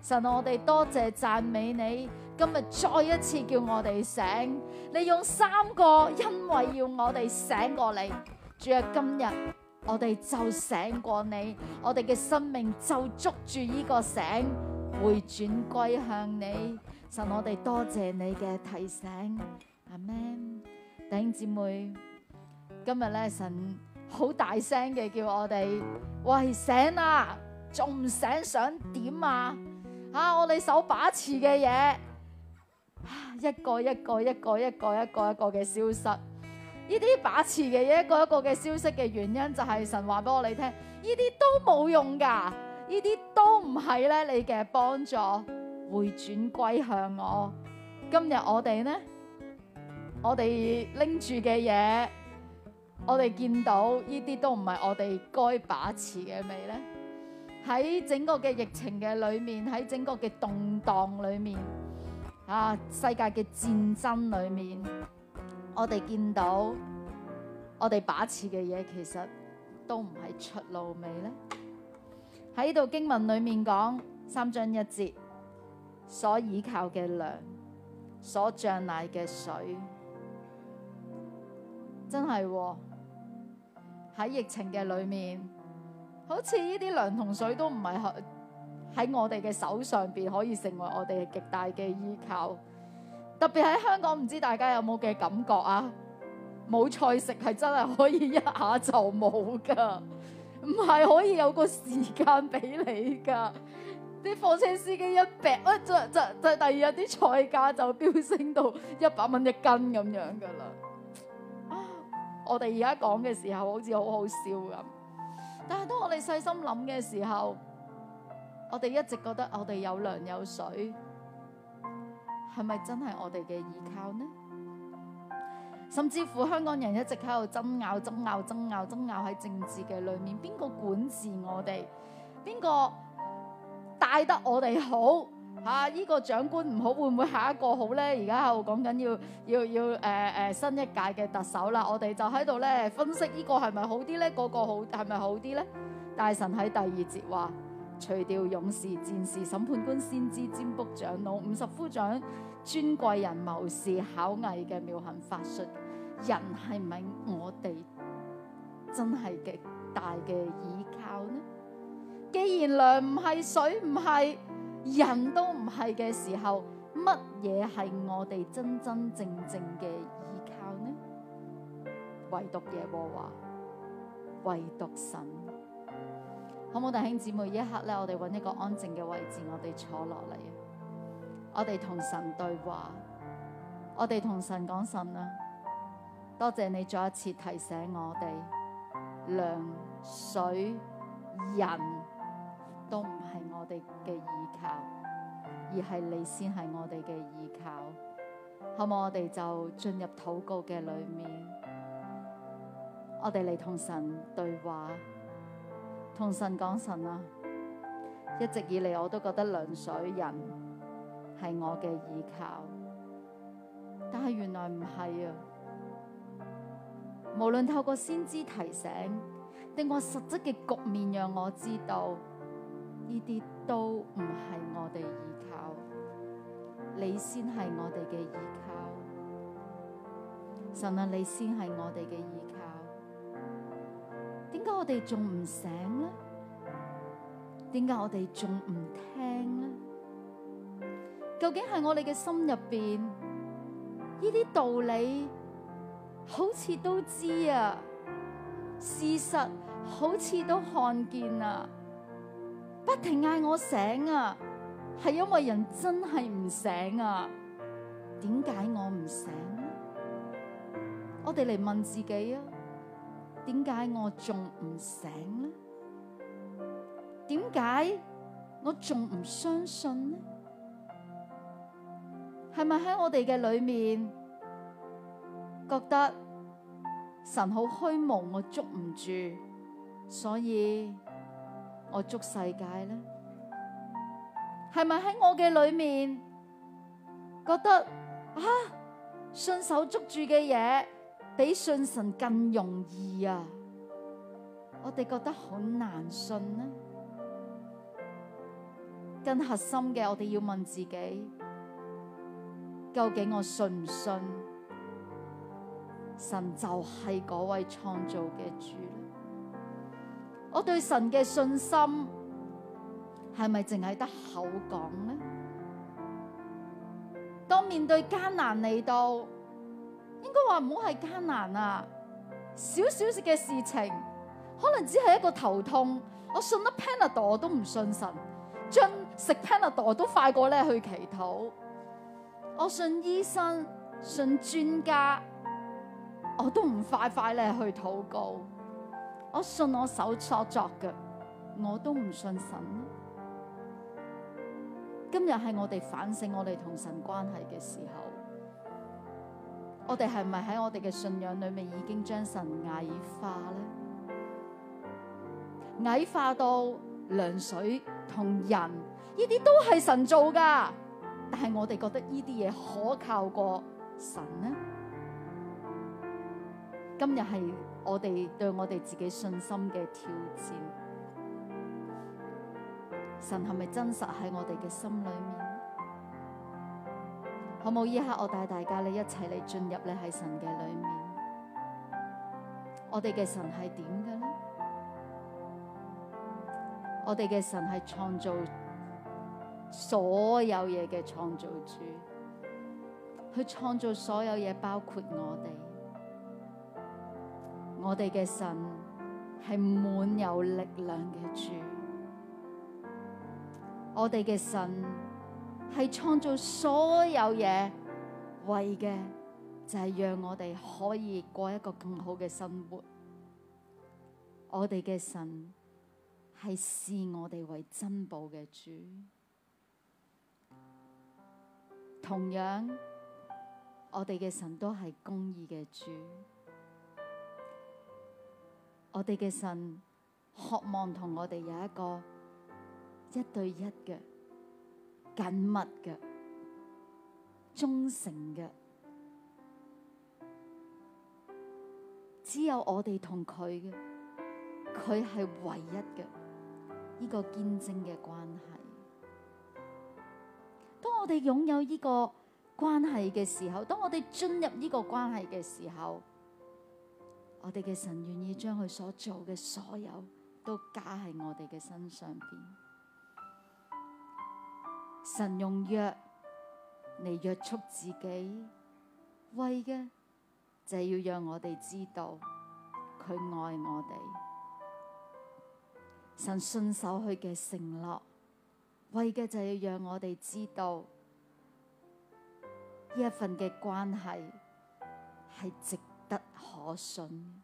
神啊，我哋多謝讚美你，今日再一次叫我哋醒，你用三個因為要我哋醒過嚟。主啊，今日。我哋就醒過你，我哋嘅生命就捉住呢個醒，回轉歸向你。神，我哋多謝你嘅提醒，阿門。弟兄姊妹，今日咧，神好大聲嘅叫我哋喂醒啦、啊，仲唔醒想點啊？啊，我哋手把持嘅嘢，一個一個一個一個一個一個嘅消失。呢啲把持嘅嘢一個一個嘅消息嘅原因就，就係神話俾我你聽，呢啲都冇用噶，呢啲都唔係咧你嘅幫助，回轉歸向我。今日我哋呢，我哋拎住嘅嘢，我哋見到呢啲都唔係我哋該把持嘅嘢呢，喺整個嘅疫情嘅裏面，喺整個嘅動盪裏面，啊，世界嘅戰爭裏面。我哋見到我哋把持嘅嘢，其實都唔係出路味，咧。喺呢度經文裏面講三章一節，所倚靠嘅糧，所仗賴嘅水，真係喺、哦、疫情嘅裏面，好似呢啲糧同水都唔係喺我哋嘅手上邊可以成為我哋嘅極大嘅依靠。特別喺香港，唔知大家有冇嘅感覺啊？冇菜食係真係可以一下就冇噶，唔係可以有個時間俾你噶。啲貨車司機一劈、啊，就就就，就，就第二日啲菜價就飆升到一百蚊一斤咁樣噶啦。啊！我哋而家講嘅時候好似好好笑咁，但係當我哋細心諗嘅時候，我哋一直覺得我哋有糧有水。係咪真係我哋嘅依靠呢？甚至乎香港人一直喺度爭拗、爭拗、爭拗、爭拗喺政治嘅裏面，邊個管治我哋？邊個帶得我哋好？嚇、啊，依、這個長官唔好，會唔會下一個好呢？而家喺度講緊要，要要誒誒、呃、新一屆嘅特首啦，我哋就喺度咧分析呢個係咪好啲呢？個、這個好係咪好啲呢？大神喺第二節話。除掉勇士、戰士、審判官、先知、占卜長老、五十夫長、尊貴人、謀士、巧藝嘅妙行法術，人係咪我哋真係極大嘅依靠呢？既然糧唔係水唔係人都唔係嘅時候，乜嘢係我哋真真正正嘅依靠呢？唯獨耶和華，唯獨神。好冇？弟兄姊妹，一刻咧，我哋揾一個安靜嘅位置，我哋坐落嚟，我哋同神對話，我哋同神講神啦。多謝你再一次提醒我哋，糧、水、人，都唔係我哋嘅依靠，而係你先係我哋嘅依靠。好冇？我哋就進入禱告嘅裏面，我哋嚟同神對話。同神講神啊！一直以嚟，我都覺得糧、水、人係我嘅依靠，但係原來唔係啊！無論透過先知提醒，定我實質嘅局面，讓我知道呢啲都唔係我哋依靠，你先係我哋嘅依靠。神啊，你先係我哋嘅依靠。點解我哋仲唔醒呢？點解我哋仲唔聽呢？究竟係我哋嘅心入邊，呢啲道理好似都知啊，事實好似都看見啊，不停嗌我醒啊，係因為人真係唔醒啊？點解我唔醒？我哋嚟問自己啊！點解我仲唔醒呢？點解我仲唔相信呢？係咪喺我哋嘅裏面覺得神好虛無，我捉唔住，所以我捉世界呢？係咪喺我嘅裏面覺得啊，順手捉住嘅嘢？比信神更容易啊！我哋覺得好難信呢，更核心嘅，我哋要問自己：究竟我信唔信神就係嗰位創造嘅主。我對神嘅信心係咪淨係得口講呢？當面對艱難嚟到。應該話唔好係艱難啊！少少嘅事情，可能只係一個頭痛。我信得 Panadol 我都唔信神，將食 Panadol 我都快過咧去祈禱。我信醫生，信專家，我都唔快快咧去禱告。我信我手所作嘅，我都唔信神。今日係我哋反省我哋同神關係嘅時候。我哋係咪喺我哋嘅信仰裏面已經將神矮化咧？矮化到糧水同人，呢啲都係神做㗎，但係我哋覺得呢啲嘢可靠過神呢？今日係我哋對我哋自己信心嘅挑戰，神係咪真實喺我哋嘅心裏面？好冇？依下我帶大家咧一齊嚟進入你係神嘅裏面。我哋嘅神係點嘅咧？我哋嘅神係創造所有嘢嘅創造主，去創造所有嘢，包括我哋。我哋嘅神係滿有力量嘅主。我哋嘅神。係創造所有嘢為嘅，就係、是、讓我哋可以過一個更好嘅生活。我哋嘅神係視我哋為珍寶嘅主，同樣我哋嘅神都係公義嘅主。我哋嘅神渴望同我哋有一個一對一嘅。緊密嘅、忠誠嘅，只有我哋同佢嘅，佢係唯一嘅呢個見證嘅關係。當我哋擁有呢個關係嘅時候，當我哋進入呢個關係嘅時候，我哋嘅神願意將佢所做嘅所有都加喺我哋嘅身上邊。神用約嚟約束自己，為嘅就係、是、要讓我哋知道佢愛我哋。神信守佢嘅承諾，為嘅就係、是、要讓我哋知道呢一份嘅關係係值得可信。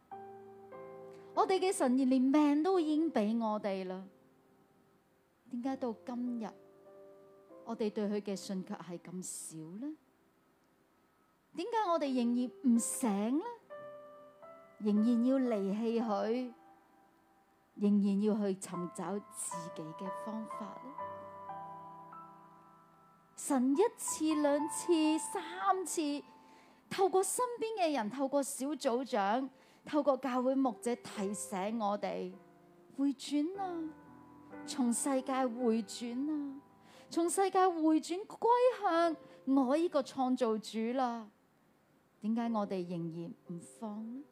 我哋嘅神亦連命都已經俾我哋啦，點解到今日？我哋對佢嘅信卻係咁少呢？點解我哋仍然唔醒呢？仍然要離棄佢，仍然要去尋找自己嘅方法呢？神一次、兩次、三次，透過身邊嘅人，透過小組長，透過教會牧者提醒我哋回轉啊，從世界回轉啊！從世界回轉歸向我依個創造主啦，點解我哋仍然唔放呢？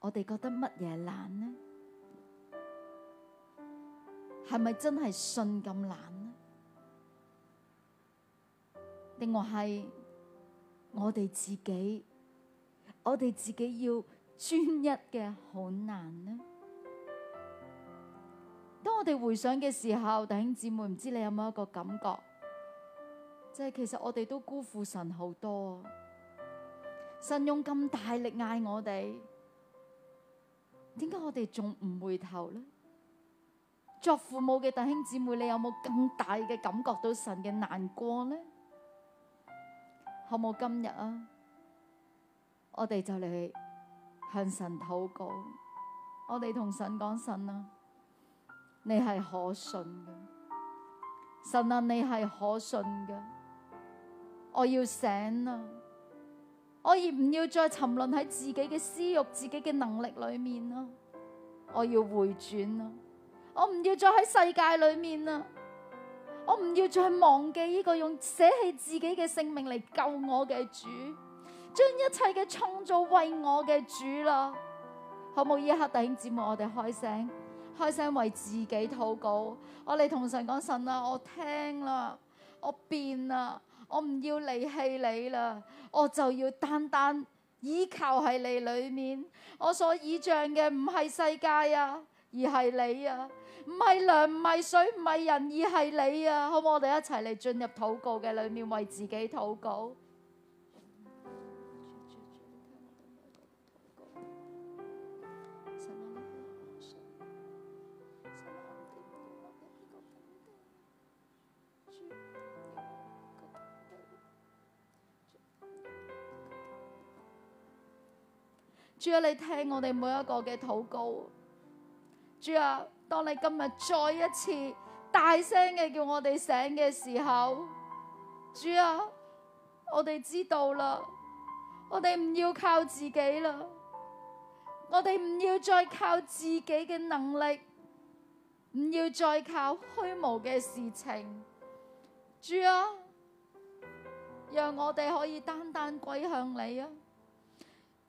我哋覺得乜嘢難呢？係咪真係信咁難呢？定或係我哋自己，我哋自己要專一嘅好難呢？當我哋回想嘅時候，弟兄姊妹，唔知你有冇一個感覺，即係其實我哋都辜負神好多，神用咁大力嗌我哋，點解我哋仲唔回頭呢？作父母嘅弟兄姊妹，你有冇更大嘅感覺到神嘅難過呢？好冇今日啊！我哋就嚟向神禱告，我哋同神講，神啊！你係可信嘅，神啊！你係可信嘅，我要醒啦，我而唔要再沉淪喺自己嘅私欲、自己嘅能力裏面啦，我要回轉啦，我唔要再喺世界裏面啦，我唔要再忘記呢個用捨棄自己嘅性命嚟救我嘅主，將一切嘅創造為我嘅主啦，好唔好？依一刻弟兄姊妹，我哋開醒。開聲為自己禱告，我哋同神講，神啊，我聽啦，我變啦，我唔要離棄你啦，我就要單單依靠喺你裏面。我所倚仗嘅唔係世界啊，而係你啊，唔係糧唔係水唔係人，而係你啊，好唔好？我哋一齊嚟進入禱告嘅裏面，為自己禱告。主啊，你聽我哋每一個嘅禱告。主啊，當你今日再一次大聲嘅叫我哋醒嘅時候，主啊，我哋知道啦，我哋唔要靠自己啦，我哋唔要再靠自己嘅能力，唔要再靠虛無嘅事情。主啊，讓我哋可以單單歸向你啊。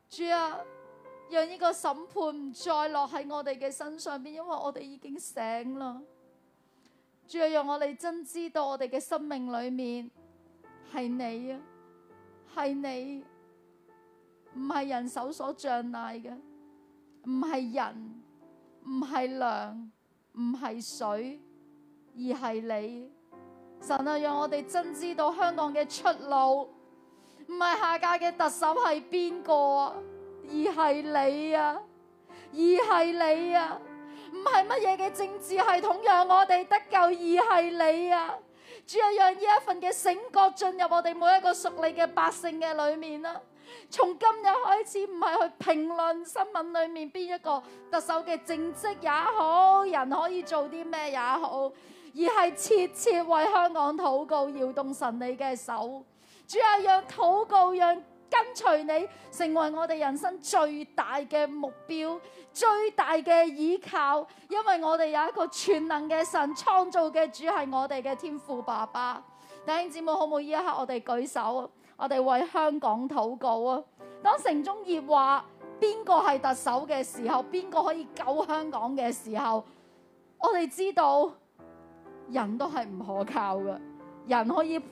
主啊。讓呢個審判唔再落喺我哋嘅身上面，因為我哋已經醒啦。仲要讓我哋真知道我哋嘅生命裏面係你啊，係你，唔係人手所仗賴嘅，唔係人，唔係糧，唔係水，而係你。神啊，讓我哋真知道香港嘅出路，唔係下屆嘅特首係邊個啊！而係你啊，而係你啊，唔係乜嘢嘅政治系統讓我哋得救，而係你啊！主要讓呢一份嘅醒覺進入我哋每一個屬你嘅百姓嘅裏面啦、啊！從今日開始，唔係去評論新聞裏面邊一個特首嘅政績也好，人可以做啲咩也好，而係切切為香港禱告，搖動神你嘅手。主要讓禱告，讓。跟隨你成為我哋人生最大嘅目標、最大嘅依靠，因為我哋有一個全能嘅神創造嘅主係我哋嘅天父爸爸。弟兄姊妹，可唔可以一刻我哋舉手，我哋為香港禱告啊！當城中業話邊個係特首嘅時候，邊個可以救香港嘅時候，我哋知道人都係唔可靠嘅，人可以砰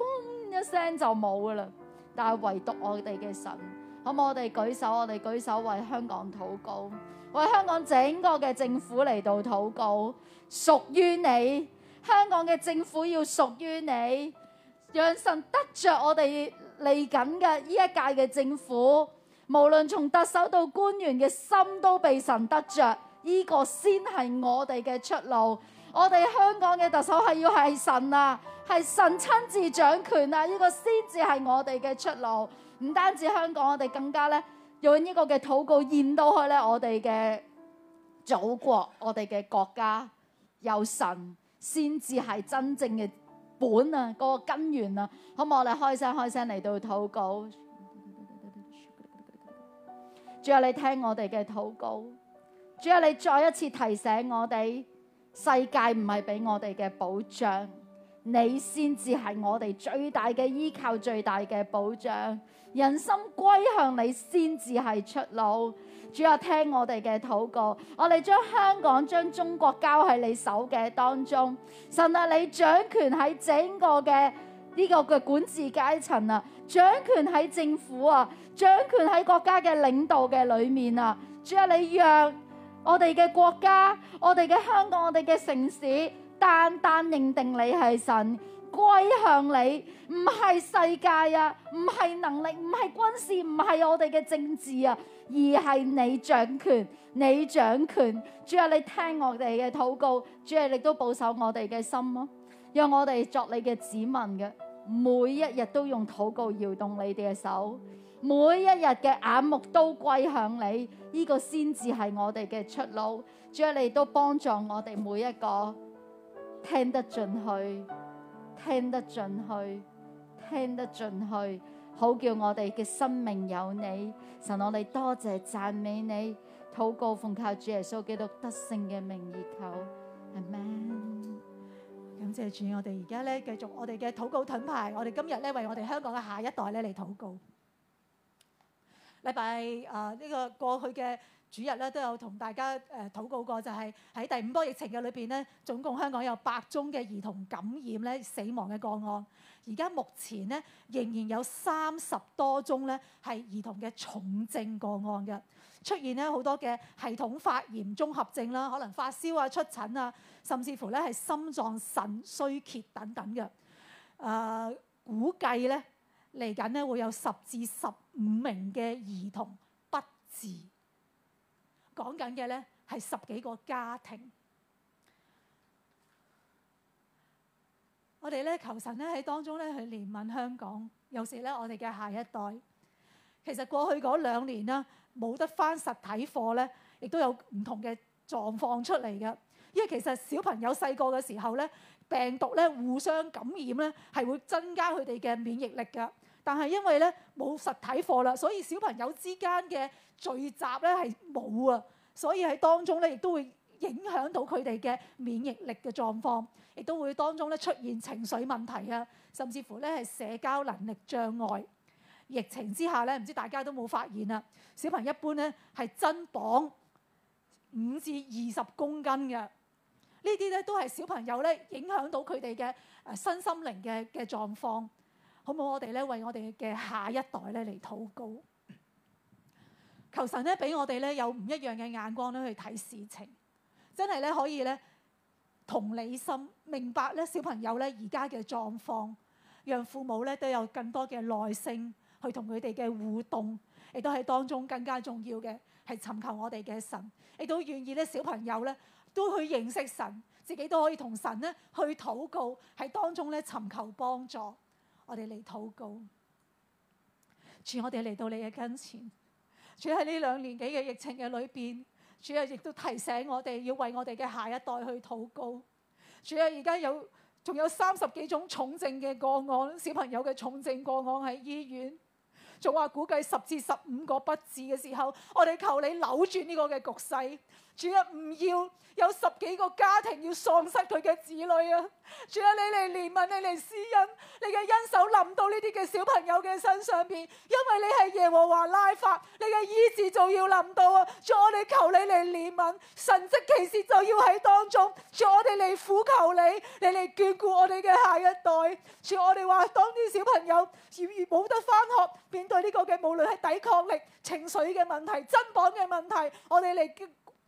一聲就冇噶啦。但係唯獨我哋嘅神，可唔可我哋舉手？我哋舉手為香港禱告，為香港整個嘅政府嚟到禱告。屬於你，香港嘅政府要屬於你，讓神得着我哋嚟緊嘅呢一屆嘅政府，無論從特首到官員嘅心，都被神得着。呢個先係我哋嘅出路。我哋香港嘅特首係要係神啊，係神親自掌權啊！呢個先至係我哋嘅出路。唔單止香港，我哋更加咧用呢個嘅禱告引到去咧我哋嘅祖國，我哋嘅國家有神先至係真正嘅本啊，嗰個根源啊！好，我哋開聲開聲嚟到禱告，主啊，你聽我哋嘅禱告，主啊，你再一次提醒我哋。世界唔係俾我哋嘅保障，你先至係我哋最大嘅依靠、最大嘅保障。人心歸向你先至係出路。主，要聽我哋嘅禱告，我哋將香港、將中國交喺你手嘅當中。神啊，你掌權喺整個嘅呢個嘅管治階層啊，掌權喺政府啊，掌權喺國家嘅領導嘅裏面啊。主要你讓。我哋嘅國家，我哋嘅香港，我哋嘅城市，單單認定你係神，歸向你，唔係世界啊，唔係能力，唔係軍事，唔係我哋嘅政治啊，而係你掌權，你掌權。主啊，你聽我哋嘅禱告，主啊，你都保守我哋嘅心咯，啊，讓我哋作你嘅指民嘅，每一日都用禱告搖動你哋嘅手。每一日嘅眼目都歸向你，呢、這個先至係我哋嘅出路。主啊，你都幫助我哋每一個聽得進去、聽得進去、聽得進去，好叫我哋嘅生命有你。神，我哋多謝讚美你，禱告奉靠主耶穌基督得勝嘅名義求，阿們。感謝主，我哋而家咧繼續我哋嘅禱告盾牌，我哋今日咧為我哋香港嘅下一代咧嚟禱告。禮拜誒呢個過去嘅主日咧，都有同大家誒禱、呃、告過，就係喺第五波疫情嘅裏邊咧，總共香港有八宗嘅兒童感染咧死亡嘅個案。而家目前咧仍然有三十多宗咧係兒童嘅重症個案嘅，出現咧好多嘅系統發炎綜合症啦，可能發燒啊、出疹啊，甚至乎咧係心臟腎衰竭等等嘅。誒、呃、估計咧嚟緊咧會有十至十五名嘅兒童不治，講緊嘅呢係十幾個家庭。我哋咧求神咧喺當中咧去憐憫香港，有時咧我哋嘅下一代。其實過去嗰兩年啦，冇得返實體課咧，亦都有唔同嘅狀況出嚟嘅。因為其實小朋友細個嘅時候咧，病毒咧互相感染咧，係會增加佢哋嘅免疫力㗎。但係因為咧冇實體課啦，所以小朋友之間嘅聚集咧係冇啊，所以喺當中咧亦都會影響到佢哋嘅免疫力嘅狀況，亦都會當中咧出現情緒問題啊，甚至乎咧係社交能力障礙。疫情之下咧，唔知大家都冇發現啊，小朋友一般咧係增磅五至二十公斤嘅，呢啲咧都係小朋友咧影響到佢哋嘅誒身心靈嘅嘅狀況。好唔好？我哋咧，為我哋嘅下一代咧嚟禱告，求神咧俾我哋咧有唔一樣嘅眼光咧去睇事情，真係咧可以咧同理心明白咧小朋友咧而家嘅狀況，讓父母咧都有更多嘅耐性去同佢哋嘅互動，亦都喺當中更加重要嘅係尋求我哋嘅神，亦都願意咧小朋友咧都去認識神，自己都可以同神咧去禱告，喺當中咧尋求幫助。我哋嚟禱告，主我哋嚟到你嘅跟前，主喺呢兩年幾嘅疫情嘅裏邊，主啊亦都提醒我哋要為我哋嘅下一代去禱告。主啊，而家有仲有三十幾種重症嘅個案，小朋友嘅重症個案喺醫院，仲話估計十至十五個不治嘅時候，我哋求你扭轉呢個嘅局勢。主啊，唔要有十幾個家庭要喪失佢嘅子女啊！主啊，你嚟憐憫，你嚟施恩，你嘅恩手臨到呢啲嘅小朋友嘅身上邊，因為你係耶和華拉法，你嘅醫治就要臨到啊！主，我哋求你嚟憐憫，神跡奇事就要喺當中。主，我哋嚟苦求你，你嚟眷顧我哋嘅下一代。主，我哋話當啲小朋友完全冇得返學，面對呢個嘅無論係抵抗力、情緒嘅問題、增磅嘅問題，我哋嚟。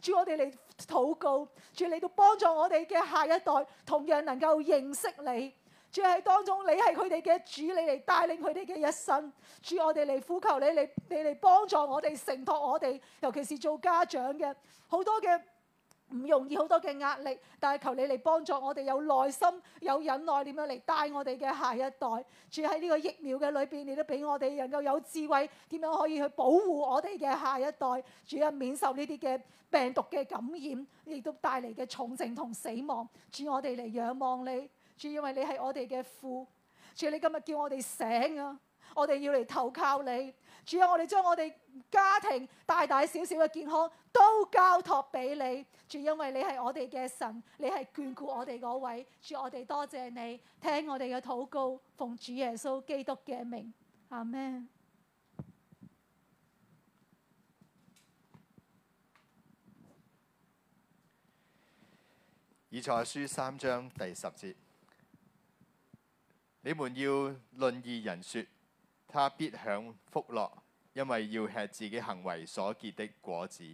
主，我哋嚟禱告，主你都幫助我哋嘅下一代，同樣能夠認識你。主喺當中，你係佢哋嘅主，你嚟帶領佢哋嘅一生。主，我哋嚟呼求你嚟，你嚟幫助我哋，承托我哋，尤其是做家長嘅好多嘅。唔容易好多嘅壓力，但係求你嚟幫助我哋有耐心、有忍耐，點樣嚟帶我哋嘅下一代。主喺呢個疫苗嘅裏邊，你都俾我哋能夠有智慧，點樣可以去保護我哋嘅下一代。主啊，免受呢啲嘅病毒嘅感染，亦都帶嚟嘅重症同死亡。主，我哋嚟仰望你。主，因為你係我哋嘅父。主，你今日叫我哋醒啊！我哋要嚟投靠你。主啊，我哋將我哋家庭大大小小嘅健康都交託俾你。主，因為你係我哋嘅神，你係眷顧我哋嗰位。主，我哋多謝你，聽我哋嘅禱告，奉主耶穌基督嘅名，阿門 Amen。以賽亞書三章第十節，你們要論義人說。他必享福樂，因為要吃自己行為所結的果子。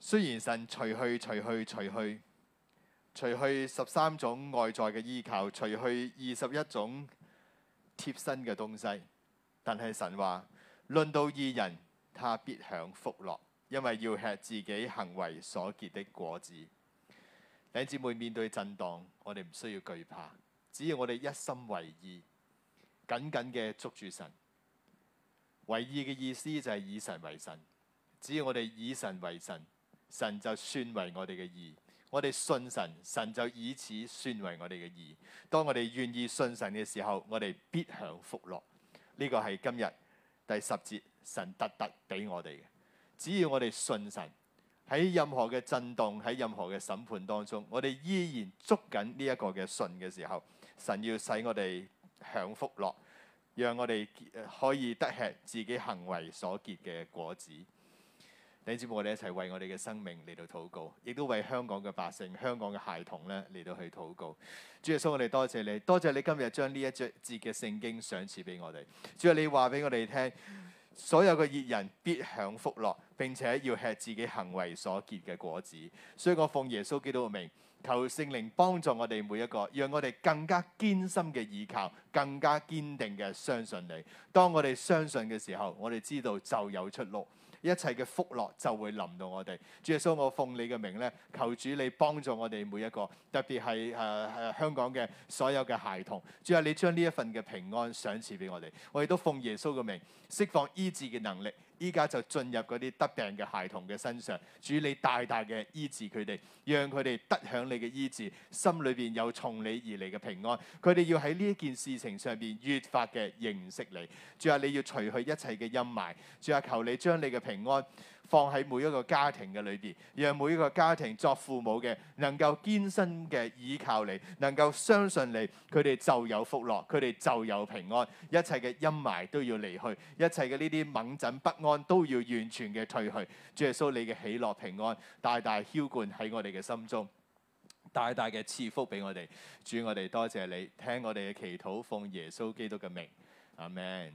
雖然神除去、除去、除去、除去十三種外在嘅依靠，除去二十一種貼身嘅東西，但係神話論到義人，他必享福樂，因為要吃自己行為所結的果子。兩姊妹面對震盪，我哋唔需要懼怕，只要我哋一心為義。緊緊嘅捉住神，唯一嘅意思就係以神為神。只要我哋以神為神，神就算為我哋嘅義。我哋信神，神就以此算為我哋嘅義。當我哋願意信神嘅時候，我哋必享福樂。呢、這個係今日第十節神特特俾我哋嘅。只要我哋信神，喺任何嘅震動，喺任何嘅審判當中，我哋依然捉緊呢一個嘅信嘅時候，神要使我哋。享福樂，讓我哋可以得吃自己行為所結嘅果子。弟兄姊妹，我哋一齊為我哋嘅生命嚟到禱告，亦都為香港嘅百姓、香港嘅孩童咧嚟到去禱告。主耶穌，我哋多謝你，多謝你今日將呢一節嘅聖經賞賜俾我哋。主耶穌，你話俾我哋聽，所有嘅義人必享福樂，並且要吃自己行為所結嘅果子。所以我奉耶穌基督嘅名。求聖靈幫助我哋每一個，讓我哋更加堅心嘅依靠，更加堅定嘅相信你。當我哋相信嘅時候，我哋知道就有出路，一切嘅福樂就會臨到我哋。主耶穌，我奉你嘅名咧，求主你幫助我哋每一個，特別係誒誒香港嘅所有嘅孩童。主啊，你將呢一份嘅平安賞賜俾我哋，我哋都奉耶穌嘅名釋放醫治嘅能力。依家就進入嗰啲得病嘅孩童嘅身上，主你大大嘅醫治佢哋，讓佢哋得享你嘅醫治，心裏邊有從你而嚟嘅平安。佢哋要喺呢一件事情上邊越發嘅認識你。仲啊，你要除去一切嘅陰霾。仲啊，求你將你嘅平安，放喺每一個家庭嘅裏邊，讓每一個家庭作父母嘅能夠堅身嘅依靠你，能夠相信你，佢哋就有福樂，佢哋就有平安，一切嘅陰霾都要離去，一切嘅呢啲猛陣不安都要完全嘅退去。主耶穌，你嘅喜樂平安大大澆灌喺我哋嘅心中，大大嘅賜福俾我哋。主，我哋多謝你，聽我哋嘅祈禱，奉耶穌基督嘅名，阿門。